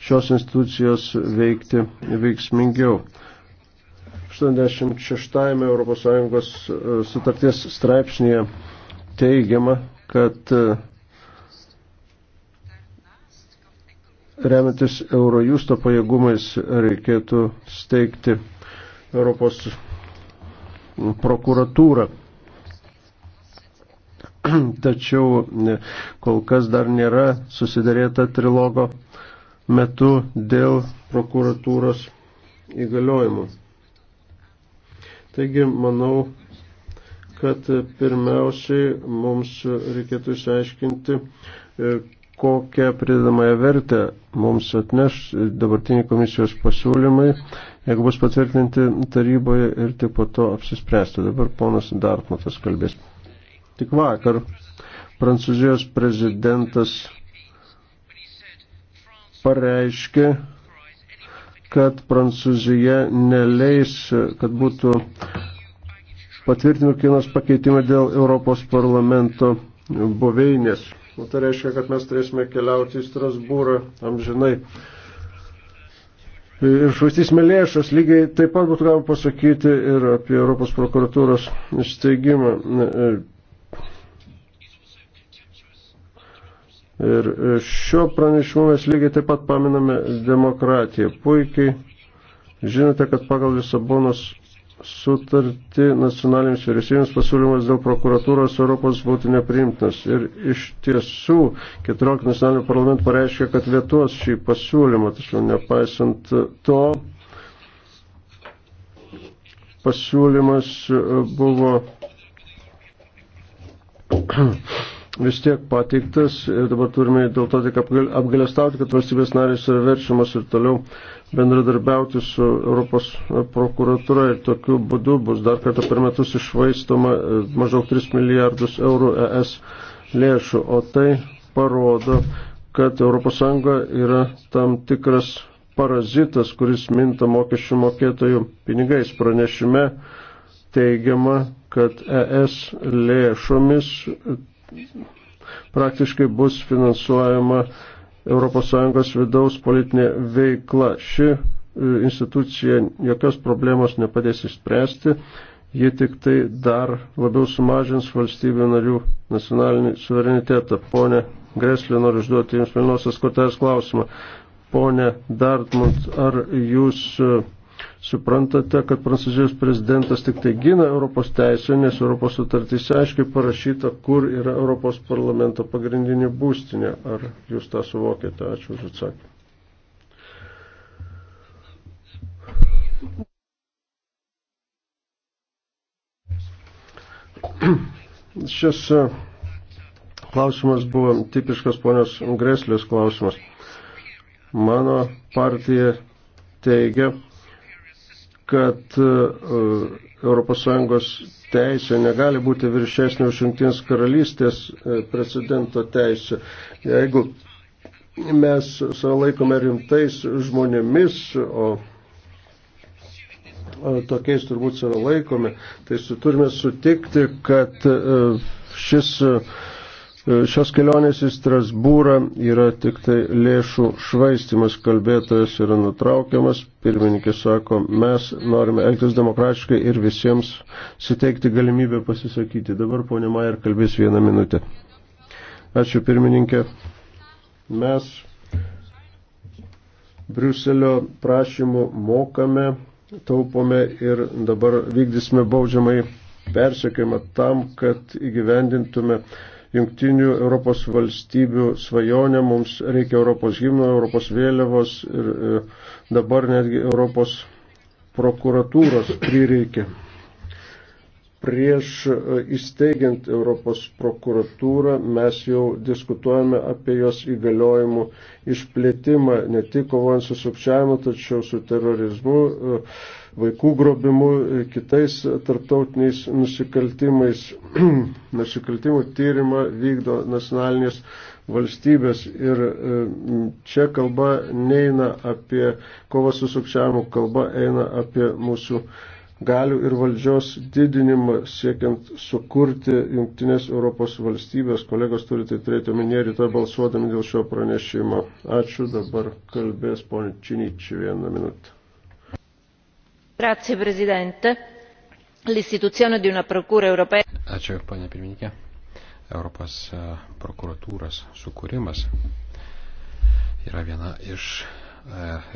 šios institucijos veikti veiksmingiau. 86 ES e, sutarties straipsnėje teigiama, kad e, remiantis Eurojusto pajėgumais reikėtų steigti Europos prokuratūrą. tačiau e, kol kas dar nėra susidarėta trilogo metu dėl prokuratūros įgaliojimų. Taigi, manau, kad pirmiausiai mums reikėtų išsiaiškinti, e, kokią pridedamąją vertę mums atneš dabartiniai komisijos pasiūlymai, jeigu bus patvirtinti taryboje ir tik po to apsispręsti. Dabar ponas Dartmatas kalbės. Tik vakar Prancūzijos prezidentas pareiškė, kad Prancūzija neleis, kad būtų patvirtino kienos pakeitimą dėl Europos parlamento buveinės. O tai reiškia, kad mes turėsime keliauti į Strasbūrą amžinai. Ir švaistysime lėšas, lygiai taip pat būtų galima pasakyti ir apie Europos prokuratūros steigimą. Ir šio pranešimu mes lygiai taip pat paminame demokratiją. Puikiai žinote, kad pagal Lisabonos sutartį nacionalinėms vyriausybėms pasiūlymas dėl prokuratūros Europos būtų nepriimtinas. Ir iš tiesų 14 nacionalinių parlamentų pareiškia, kad vietos šį pasiūlymą, tačiau nepaisant to, pasiūlymas buvo vis tiek pateiktas ir dabar turime dėl to tik apgalėstauti, kad valstybės narės yra verčiamas ir toliau bendradarbiauti su Europos prokuratūra ir tokiu būdu bus dar kartą per metus išvaistoma e, maždaug 3 milijardus eurų ES lėšų, o tai parodo, kad ES yra tam tikras parazitas, kuris minta mokesčių mokėtojų pinigais pranešime teigiama, kad ES lėšomis praktiškai bus finansuojama ES vidaus politinė veikla. Ši e, institucija jokios problemos nepadės išspręsti, ji tik tai dar labiau sumažins valstybių narių nacionalinį suverenitetą. Pone Greslė, noriu užduoti Jums vienosios kortelės klausimą. Pone Dartmund, ar Jūs e, Suprantate, kad prancūzijos prezidentas tik tai gina Europos teisę, nes Europos sutartyse aiškiai parašyta, kur yra Europos parlamento pagrindinė būstinė. Ar jūs tą suvokėte? Ačiū už atsakymą. Šis e, klausimas buvo tipiškas ponios Greslės klausimas. Mano partija teigia, kad ES teisė negali būti viršesnė už Junktinės karalystės e, precedento teisę. Jeigu mes savo laikome rimtais žmonėmis, o tokiais turbūt save laikome, tai turime sutikti, kad e, šis E, šios kelionės į Strasbūrą yra tik tai lėšų švaistimas, kalbėtojas yra nutraukiamas, pirmininkė sako, mes norime elgtis demokratiškai ir visiems suteikti galimybę pasisakyti. Dabar ponė Majer kalbės vieną minutę. Ačiū pirmininkė. Mes Briuselio prašymų mokame, taupome ir dabar vykdysime baudžiamai persekiamą tam, kad įgyvendintume jungtinių Europos valstybių svajonė, mums reikia Europos gimno, Europos vėliavos ir e, dabar netgi Europos prokuratūros prireikia. Prieš e, įsteigiant Europos prokuratūrą mes jau diskutuojame apie jos įgaliojimų išplėtimą, ne tik kovojant su sukčiavimu, tačiau su terorizmu, e, vaikų grobimu, e, kitais tarptautiniais nusikaltimais. Nusikaltimų tyrimą vykdo nacionalinės valstybės ir e, čia kalba neina apie kovą su sukčiavimu, kalba eina apie mūsų galių ir valdžios didinimą siekiant sukurti jungtinės Europos valstybės. Kolegos turi tai turėti omenyje rytoj balsuodami dėl šio pranešimo. Ačiū, dabar kalbės ponė Činičiai vieną minutę signor presidente l'istituzione di una procura europea. ačiū pone pirmininke europos e, prokuratūros sukūrimas yra viena iš e,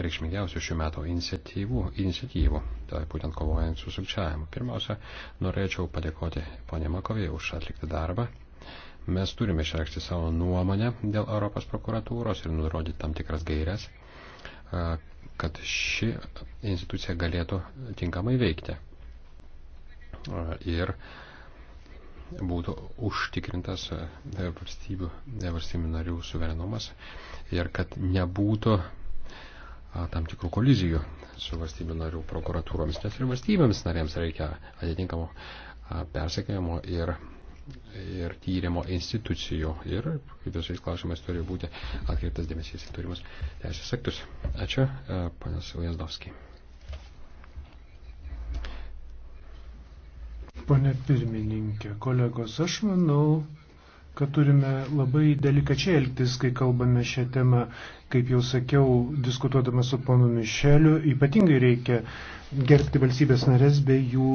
reikšmingiausių šių metų iniciatyvų, iniciatyvų tai būtent kovojant su sukčiavimu. Pirmiausia, norėčiau padėkoti ponė Makovė už atliktą darbą. Mes turime išreikšti savo nuomonę dėl Europos prokuratūros ir nurodyti tam tikras gairias, e, kad ši institucija galėtų tinkamai veikti ir būtų užtikrintas valstybių, valstybių narių suverenumas ir kad nebūtų tam tikrų kolizijų su valstybių narių prokuratūromis, nes ir valstybėms narėms reikia atitinkamo persekėjimo ir ir tyrimo institucijų ir visais klausimais turi būti atkreiptas dėmesys į turimus teisės aktus. Ačiū, e, panas Vajazdovskiai. Pone pirmininkė, kolegos, aš manau, kad turime labai delikačiai elgtis, kai kalbame šią temą kaip jau sakiau, diskutuodamas su ponu Mišeliu, ypatingai reikia gerbti valstybės narės bei jų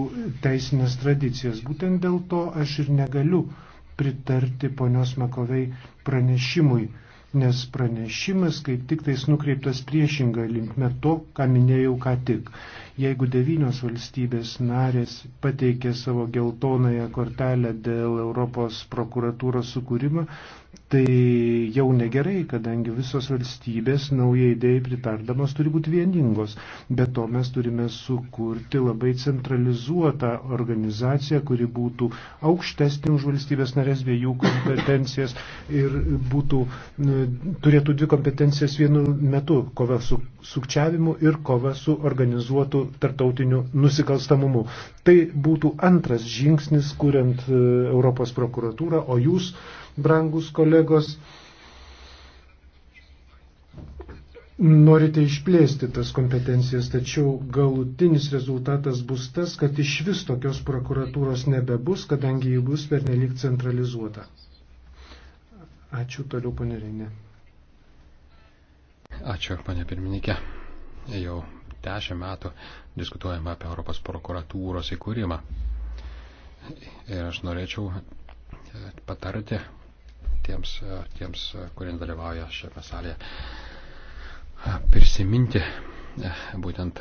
teisinės tradicijas. Būtent dėl to aš ir negaliu pritarti ponios Makovei pranešimui, nes pranešimas kaip tik tais nukreiptas priešingą linkme to, ką minėjau ką tik. Jeigu devynios valstybės narės pateikė savo geltonąją kortelę dėl Europos prokuratūros sukūrimo, tai jau negerai, kadangi visos valstybės naujai idėjai pritardamos turi būti vieningos. Be to mes turime sukurti labai centralizuotą organizaciją, kuri būtų aukštesnė už valstybės narės dviejų kompetencijas ir būtų, turėtų dvi kompetencijas vienu metu - kova su sukčiavimu ir kova su organizuotu tartautiniu nusikalstamumu. Tai būtų antras žingsnis, kuriant e, Europos prokuratūrą, o jūs, brangus kolegos, norite išplėsti tas kompetencijas, tačiau galutinis rezultatas bus tas, kad iš vis tokios prokuratūros nebebus, kadangi ji bus pernelyg centralizuota. Ačiū toliau, panerinė. Ačiū, panė pirmininkė. Jau dešimt metų diskutuojame apie Europos prokuratūros įkūrimą. Ir aš norėčiau e, patarti tiems, e, tiems e, kurie dalyvauja šiame salėje, prisiminti būtent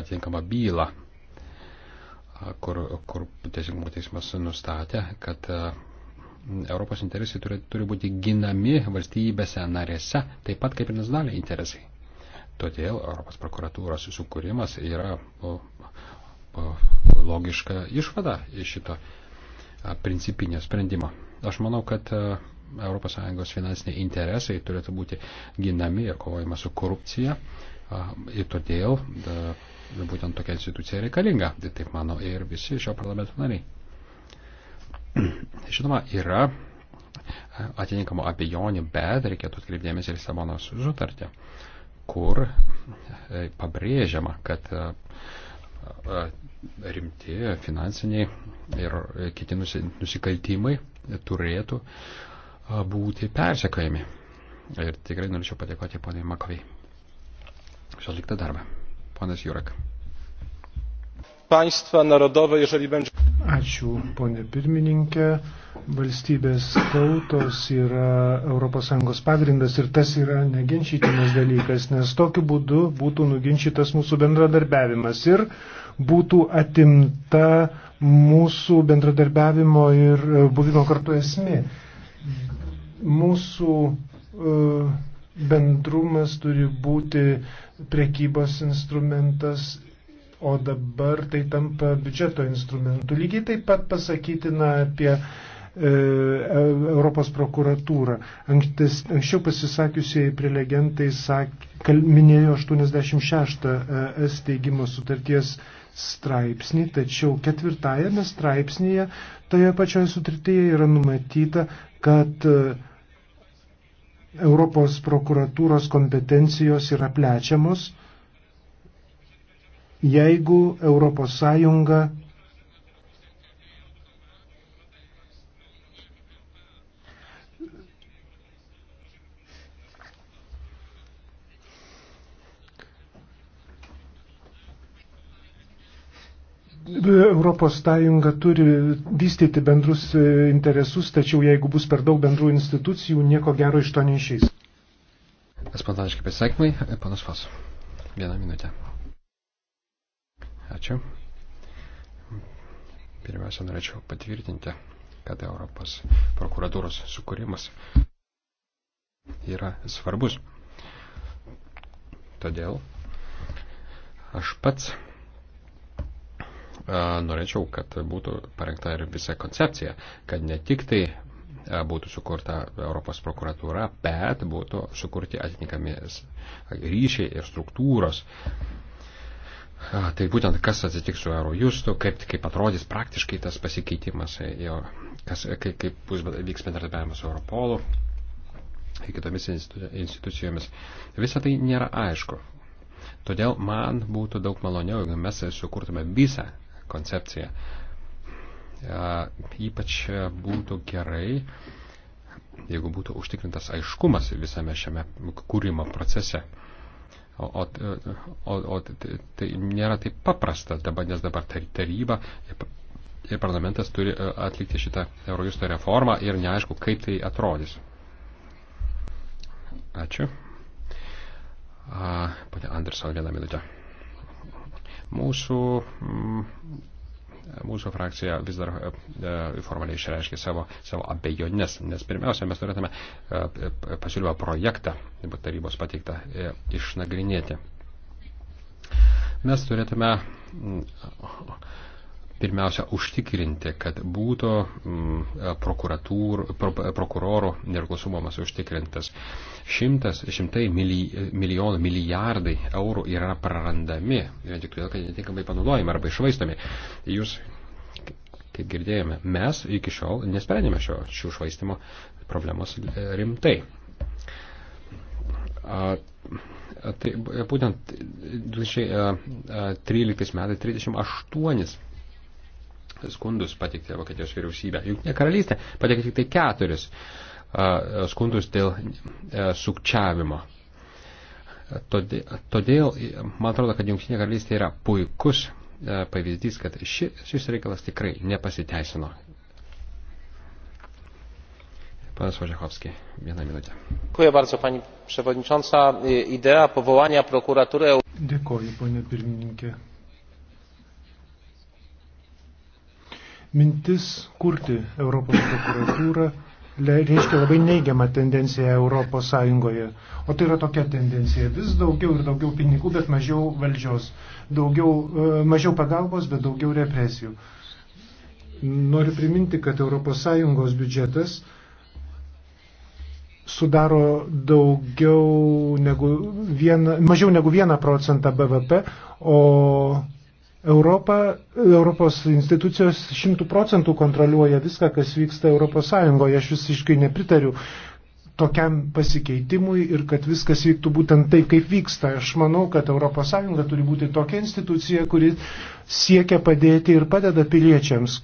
atitinkamą bylą, kur, kur teisingumo teismas nustatė, kad Europos interesai turi, turi būti ginami valstybėse narėse, taip pat kaip ir nacionaliniai interesai. Todėl Europos prokuratūros sukūrimas yra o, o, logiška išvada iš šito principinio sprendimo. Aš manau, kad ES finansiniai interesai turėtų būti ginami ir kovojama su korupcija. Ir todėl da, būtent tokia institucija reikalinga. Tai taip mano ir visi šio parlamento nariai. Žinoma, yra e, atitinkamų abejonių, bet reikėtų atkreipdėmės ir Sabono sutartį, kur e, pabrėžiama, kad e, rimti finansiniai ir kiti nusikaltimai turėtų būti persekojami. Ir tikrai norėčiau padėkoti poniai Makovai. Už atliktą darbą. Ponas Jurek. Państwa narodowe, jeżeli będzie. Ačiū, ponė pirmininkė. Valstybės tautos yra ES pagrindas ir tas yra neginčytinas dalykas, nes tokiu būdu būtų nuginčytas mūsų bendradarbiavimas ir būtų atimta mūsų bendradarbiavimo ir e, buvimo kartu esmė. Mūsų e, bendrumas turi būti prekybos instrumentas o dabar tai tampa biudžeto instrumentu. Lygiai taip pat pasakytina apie e, e Europos prokuratūrą. Ankstis, anksčiau pasisakiusieji prelegentai sak, kal, minėjo 86 e, es teigimo sutarties straipsnį, tačiau ketvirtajame straipsnėje toje pačioje sutartyje yra numatyta, kad e, Europos prokuratūros kompetencijos yra plečiamos jeigu ES Europos Sąjunga turi vystyti bendrus e, interesus, tačiau jeigu bus per daug bendrų institucijų, nieko gero iš to neišeis. Spontaniškai pasakymai, panas Fas. Vieną minutę. Ačiū. Pirmiausia, norėčiau patvirtinti, kad Europos prokuratūros sukūrimas yra svarbus. Todėl aš pats a, norėčiau, kad būtų parengta ir visa koncepcija, kad ne tik tai būtų sukurta Europos prokuratūra, bet būtų sukurti atitinkami ryšiai ir struktūros, A, tai būtent kas atsitiks su Eurojustu, kaip, kaip atrodys praktiškai tas pasikeitimas, e, jo, kas, e, kaip, kaip bus, vyks bendradarbiavimas su Europolu ir kitomis institucijomis. Visą tai nėra aišku. Todėl man būtų daug maloniau, jeigu mes sukurtume visą koncepciją. A, ypač būtų gerai, jeigu būtų užtikrintas aiškumas visame šiame kūrimo procese. O, o, o, o tai, tai nėra taip paprasta dabar, nes dabar taryba ir parlamentas turi e, atlikti šitą Eurojusto reformą ir neaišku, kaip tai atrodys. Ačiū. A, pane Anderson, vieną minutę. Mūsų mm, mūsų frakcija vis dar e, e, formaliai išreiškia savo, savo abejonės, nes pirmiausia, mes turėtume e, pasiūlymą projektą, tarybos pateiktą, išnagrinėti. Mes turėtume pirmiausia užtikrinti, kad būtų mm, e, pro, e, prokuroro nepriklausomumas užtikrintas. Šimtas, šimtai mili, e, milijonų, milijardai eurų yra prarandami, vien tik todėl, kad netinkamai panaudojami arba išvaistomi. Jūs, kaip girdėjome, mes iki šiol nesprendėme šio, šių švaistimo problemos rimtai. A, tai būtent 2013 metai 38 skundus pateikti Vokietijos vyriausybė. Junktinė karalystė pateikė tik tai keturis skundus dėl e, sukčiavimo. Todėl, man atrodo, kad Junktinė karalystė yra puikus e, pavyzdys, kad ši, šis reikalas tikrai nepasiteisino. Panas Wojciechowski, jedna minuta. Dziękuję bardzo Pani Przewodnicząca. Idea powołania prokuratury... Dėkoju, Panie Pirmininkė. Mintis kurti Europos prokuratūrą reiškia labai neigiamą tendenciją Europos Sąjungoje. O tai yra tokia tendencija. Vis daugiau ir daugiau pinigų, bet mažiau valdžios. Daugiau, e, mažiau pagalbos, bet daugiau represijų. Noriu priminti, kad Europos Sąjungos biudžetas sudaro daugiau negu vieną, mažiau negu vieną procentą BVP, o Europa, Europos institucijos šimtų procentų kontroliuoja viską, kas vyksta Europos Sąjungoje. Aš visiškai nepritariu tokiam pasikeitimui ir kad viskas vyktų būtent taip, kaip vyksta. Aš manau, kad ES turi būti tokia institucija, kuri siekia padėti ir padeda piliečiams,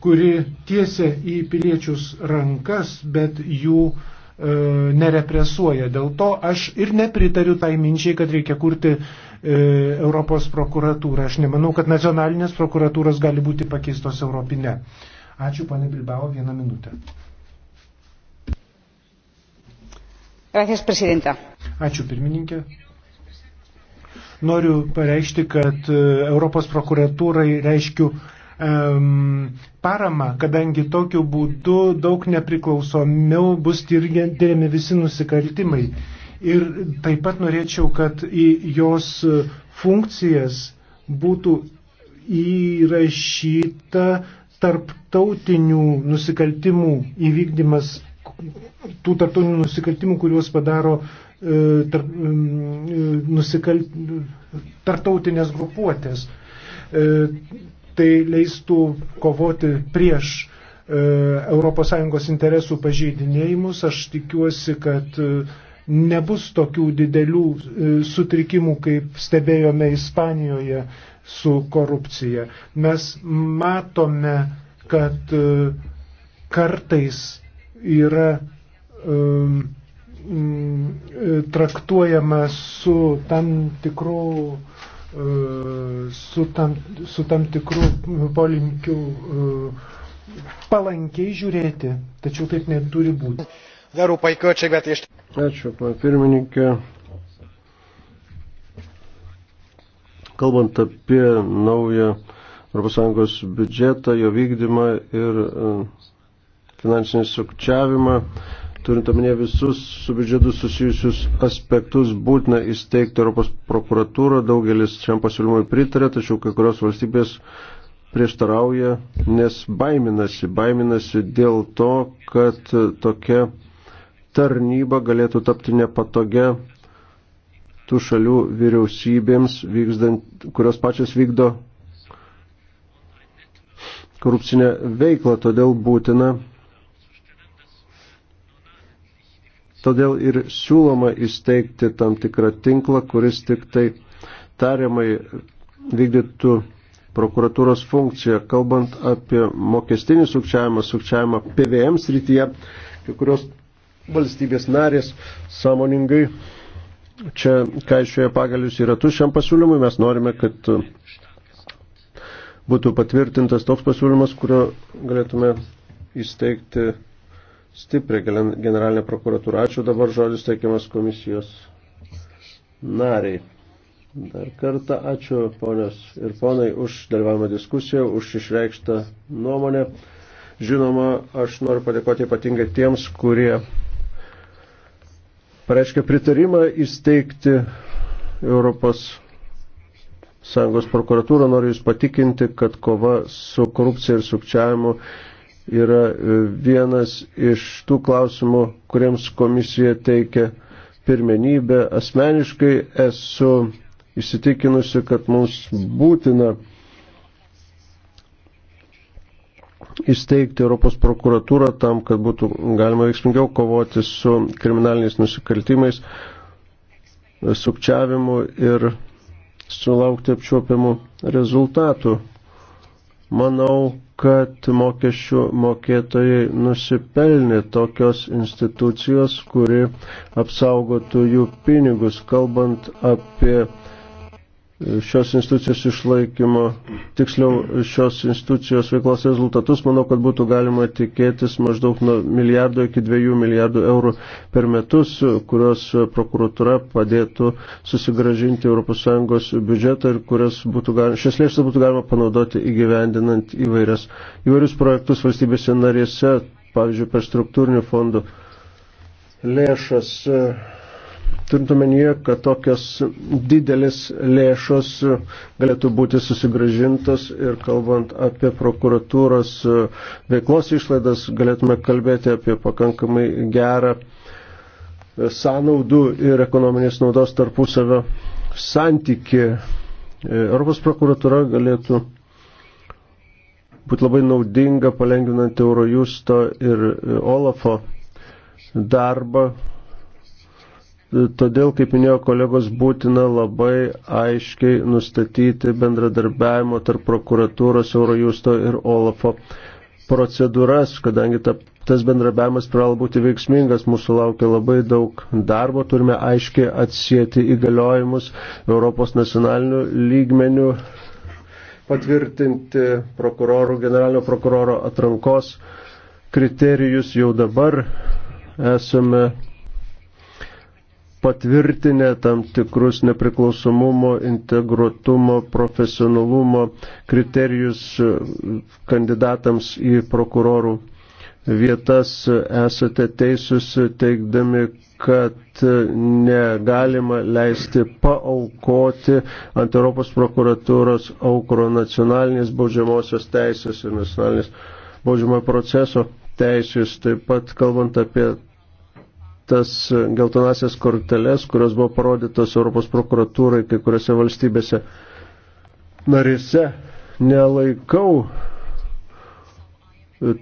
kuri tiesia į piliečius rankas, bet jų uh, E, nerepresuoja. Dėl to aš ir nepritariu tai minčiai, kad reikia kurti e, Europos prokuratūrą. Aš nemanau, kad nacionalinės prokuratūros gali būti pakeistos Europinė. Ačiū, pane Bilbao, vieną minutę. Gracias, presidenta. Ačiū, pirmininkė. Noriu pareikšti, kad e, Europos prokuratūrai reiškiu um, paramą, kadangi tokiu būdu daug nepriklausomiau bus tyriami visi nusikaltimai. Ir taip pat norėčiau, kad į jos funkcijas būtų įrašyta tarptautinių nusikaltimų įvykdymas, tų tarptautinių nusikaltimų, kuriuos padaro e, tarp, e, nusikal, tarptautinės grupuotės. E, tai leistų kovoti prieš ES interesų pažeidinėjimus. Aš tikiuosi, kad e, nebus tokių didelių e, sutrikimų, kaip stebėjome Ispanijoje su korupcija. Mes matome, kad e, kartais yra um, traktuojama su tam tikrų E, su tam, su tam tikrų polinkių e, palankiai žiūrėti, tačiau taip neturi būti. Európai költségvetést. Ačiū, pana pirmininkė. Kalbant apie naują ES biudžetą, jo vykdymą ir e, finansinį sukčiavimą, turint omenyje visus su biudžetu susijusius aspektus, būtina įsteigti Europos prokuratūrą. Daugelis šiam pasiūlymui pritarė, tačiau kai kurios valstybės prieštarauja, nes baiminasi, baiminasi dėl to, kad tokia tarnyba galėtų tapti nepatogia tų šalių vyriausybėms, vykdant, kurios pačios vykdo korupcinę veiklą, todėl būtina Todėl ir siūloma įsteigti tam tikrą tinklą, kuris tik tai tariamai vykdytų prokuratūros funkciją. Kalbant apie mokestinį sukčiavimą, sukčiavimą PVM srityje, kai kurios valstybės narės sąmoningai čia kaišioje pagalius į ratus šiam pasiūlymui. Mes norime, kad būtų patvirtintas toks pasiūlymas, kurio galėtume įsteigti stiprią generalinę prokuratūrą. Ačiū dabar žodis teikiamas komisijos nariai. Dar kartą ačiū ponios ir ponai už dalyvavimą diskusiją, už išreikštą nuomonę. Žinoma, aš noriu padėkoti ypatingai tiems, kurie pareiškia pritarimą įsteigti Europos Sąjungos prokuratūrą. Noriu Jūs patikinti, kad kova su korupcija ir sukčiavimu yra e, vienas iš tų klausimų, kuriems komisija teikia pirmenybę. Asmeniškai esu įsitikinusi, kad mums būtina įsteigti Europos prokuratūrą tam, kad būtų galima veiksmingiau kovoti su kriminaliniais nusikaltimais, sukčiavimu ir sulaukti apčiuopiamų rezultatų. Manau, kad mokesčių mokėtojai nusipelnė tokios institucijos, kuri apsaugotų jų pinigus, kalbant apie šios institucijos išlaikymo, tiksliau šios institucijos veiklos rezultatus, manau, kad būtų galima tikėtis maždaug nuo milijardo iki dviejų milijardų eurų per metus, kurios prokuratura padėtų susigražinti ES biudžetą ir kurias būtų galima, šias lėšas būtų galima panaudoti įgyvendinant įvairias, įvairius projektus valstybėse narėse, pavyzdžiui, per struktūrinių fondų lėšas. Uh, turint omenyje, kad tokios didelis lėšos galėtų būti susigražintos ir kalbant apie prokuratūros veiklos išlaidas, galėtume kalbėti apie pakankamai gerą sąnaudų ir ekonominės naudos tarpusavio santyki. Europos prokuratūra galėtų būti labai naudinga palengvinant Eurojusto ir Olafo darbą Todėl, kaip minėjo kolegos, būtina labai aiškiai nustatyti bendradarbiavimo tarp prokuratūros, Eurojusto ir Olafo procedūras, kadangi ta, tas bendradarbiavimas privalo būti veiksmingas, mūsų laukia labai daug darbo, turime aiškiai atsijėti įgaliojimus Europos nacionalinių lygmenių, patvirtinti prokurorų, generalinio prokuroro atrankos kriterijus jau dabar esame patvirtinę tam tikrus nepriklausomumo, integruotumo, profesionalumo kriterijus e, kandidatams į prokurorų vietas esate teisūs teikdami, kad negalima leisti paaukoti ant Europos prokuratūros aukro nacionalinės baudžiamosios teisės ir nacionalinės baudžiamojo proceso teisės. Taip pat kalbant apie tas geltonasias korteles, kurios buvo parodytos Europos prokuratūrai kai kuriuose valstybėse narėse, nelaikau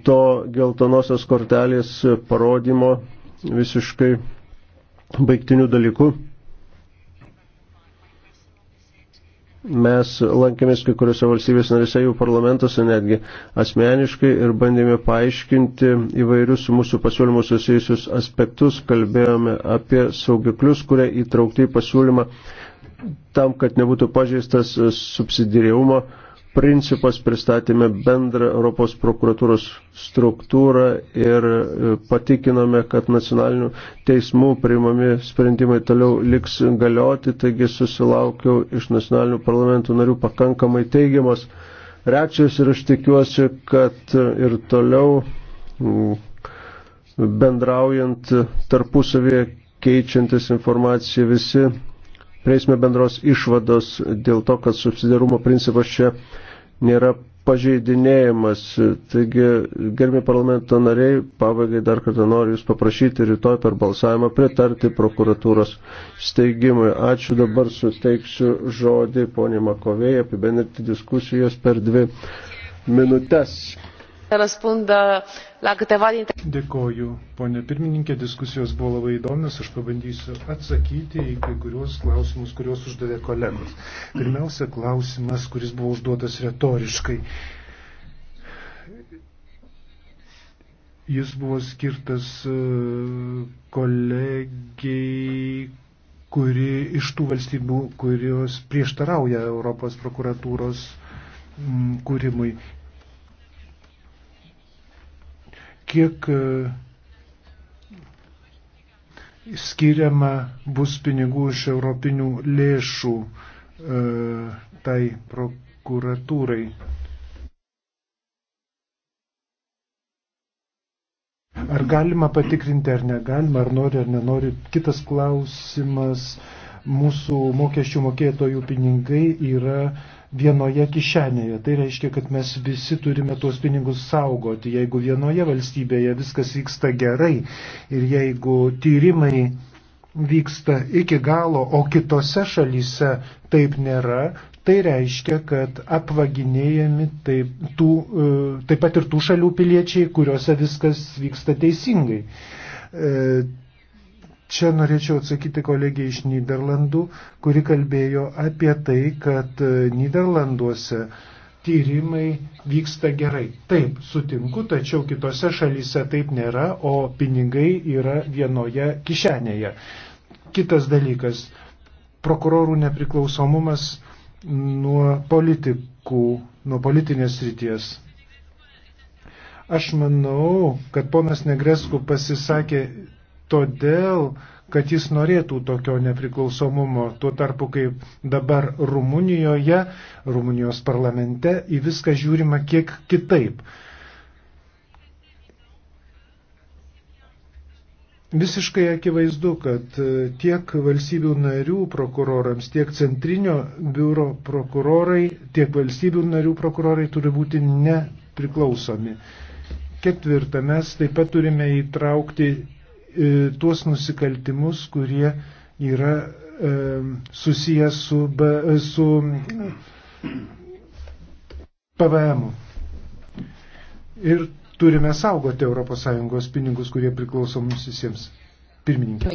to geltonosios kortelės parodymo visiškai baigtinių dalykų. Mes lankėmės kai kuriuose valstybės narėse jų parlamentuose netgi asmeniškai ir bandėme paaiškinti įvairius mūsų pasiūlymus susijusius aspektus, kalbėjome apie saugiklius, kurie įtraukti į pasiūlymą tam, kad nebūtų pažeistas subsidirėjumo principas pristatėme bendrą Europos prokuratūros struktūrą ir e, patikinome, kad nacionalinių teismų priimami sprendimai toliau liks galioti, taigi susilaukiau iš nacionalinių parlamentų narių pakankamai teigiamas reakcijos ir aš tikiuosi, kad e, ir toliau bendraujant tarpusavėje keičiantis informaciją visi prieisime bendros išvados dėl to, kad subsidiarumo principas čia nėra pažeidinėjimas. Taigi, gerbi parlamento nariai, pabaigai dar kartą noriu Jūs paprašyti rytoj per balsavimą pritarti prokuratūros steigimui. Ačiū dabar suteiksiu žodį poniai Makovėjai apibendrinti diskusijos per dvi minutes. Dėkoju, ponė pirmininkė, diskusijos buvo labai įdomios, aš pabandysiu atsakyti į kai kuriuos klausimus, kuriuos uždavė kolegos. Pirmiausia, klausimas, kuris buvo užduotas retoriškai. Jis buvo skirtas e, kolegiai, kuri iš tų valstybių, kurios prieštarauja Europos prokuratūros kūrimui. kiek e, skiriama bus pinigų iš europinių lėšų e, tai prokuratūrai. Ar galima patikrinti, ar negalima, ar nori, ar nenori. Kitas klausimas, mūsų mokesčių mokėtojų pinigai yra vienoje kišenėje. Tai reiškia, kad mes visi turime tuos pinigus saugoti. Jeigu vienoje valstybėje viskas vyksta gerai ir jeigu tyrimai vyksta iki galo, o kitose šalyse taip nėra, tai reiškia, kad apvaginėjami taip, tų, e, taip pat ir tų šalių piliečiai, kuriuose viskas vyksta teisingai. E, Čia norėčiau atsakyti kolegiją iš Niderlandų, kuri kalbėjo apie tai, kad e, Niderlanduose tyrimai vyksta gerai. Taip, sutinku, tačiau kitose šalyse taip nėra, o pinigai yra vienoje kišenėje. Kitas dalykas - prokurorų nepriklausomumas nuo politikų, nuo politinės ryties. Aš manau, kad ponas Negresku pasisakė todėl, kad jis norėtų tokio nepriklausomumo. Tuo tarpu, kaip dabar Rumunijoje, Rumunijos parlamente į viską žiūrima kiek kitaip. Visiškai akivaizdu, kad tiek valstybių narių prokurorams, tiek centrinio biuro prokurorai, tiek valstybių narių prokurorai turi būti nepriklausomi. Ketvirta, mes taip pat turime įtraukti tuos nusikaltimus, kurie yra e, susijęs su, be, su PVM. -u. Ir turime saugoti ES pinigus, kurie priklauso mums visiems. Pirmininkė.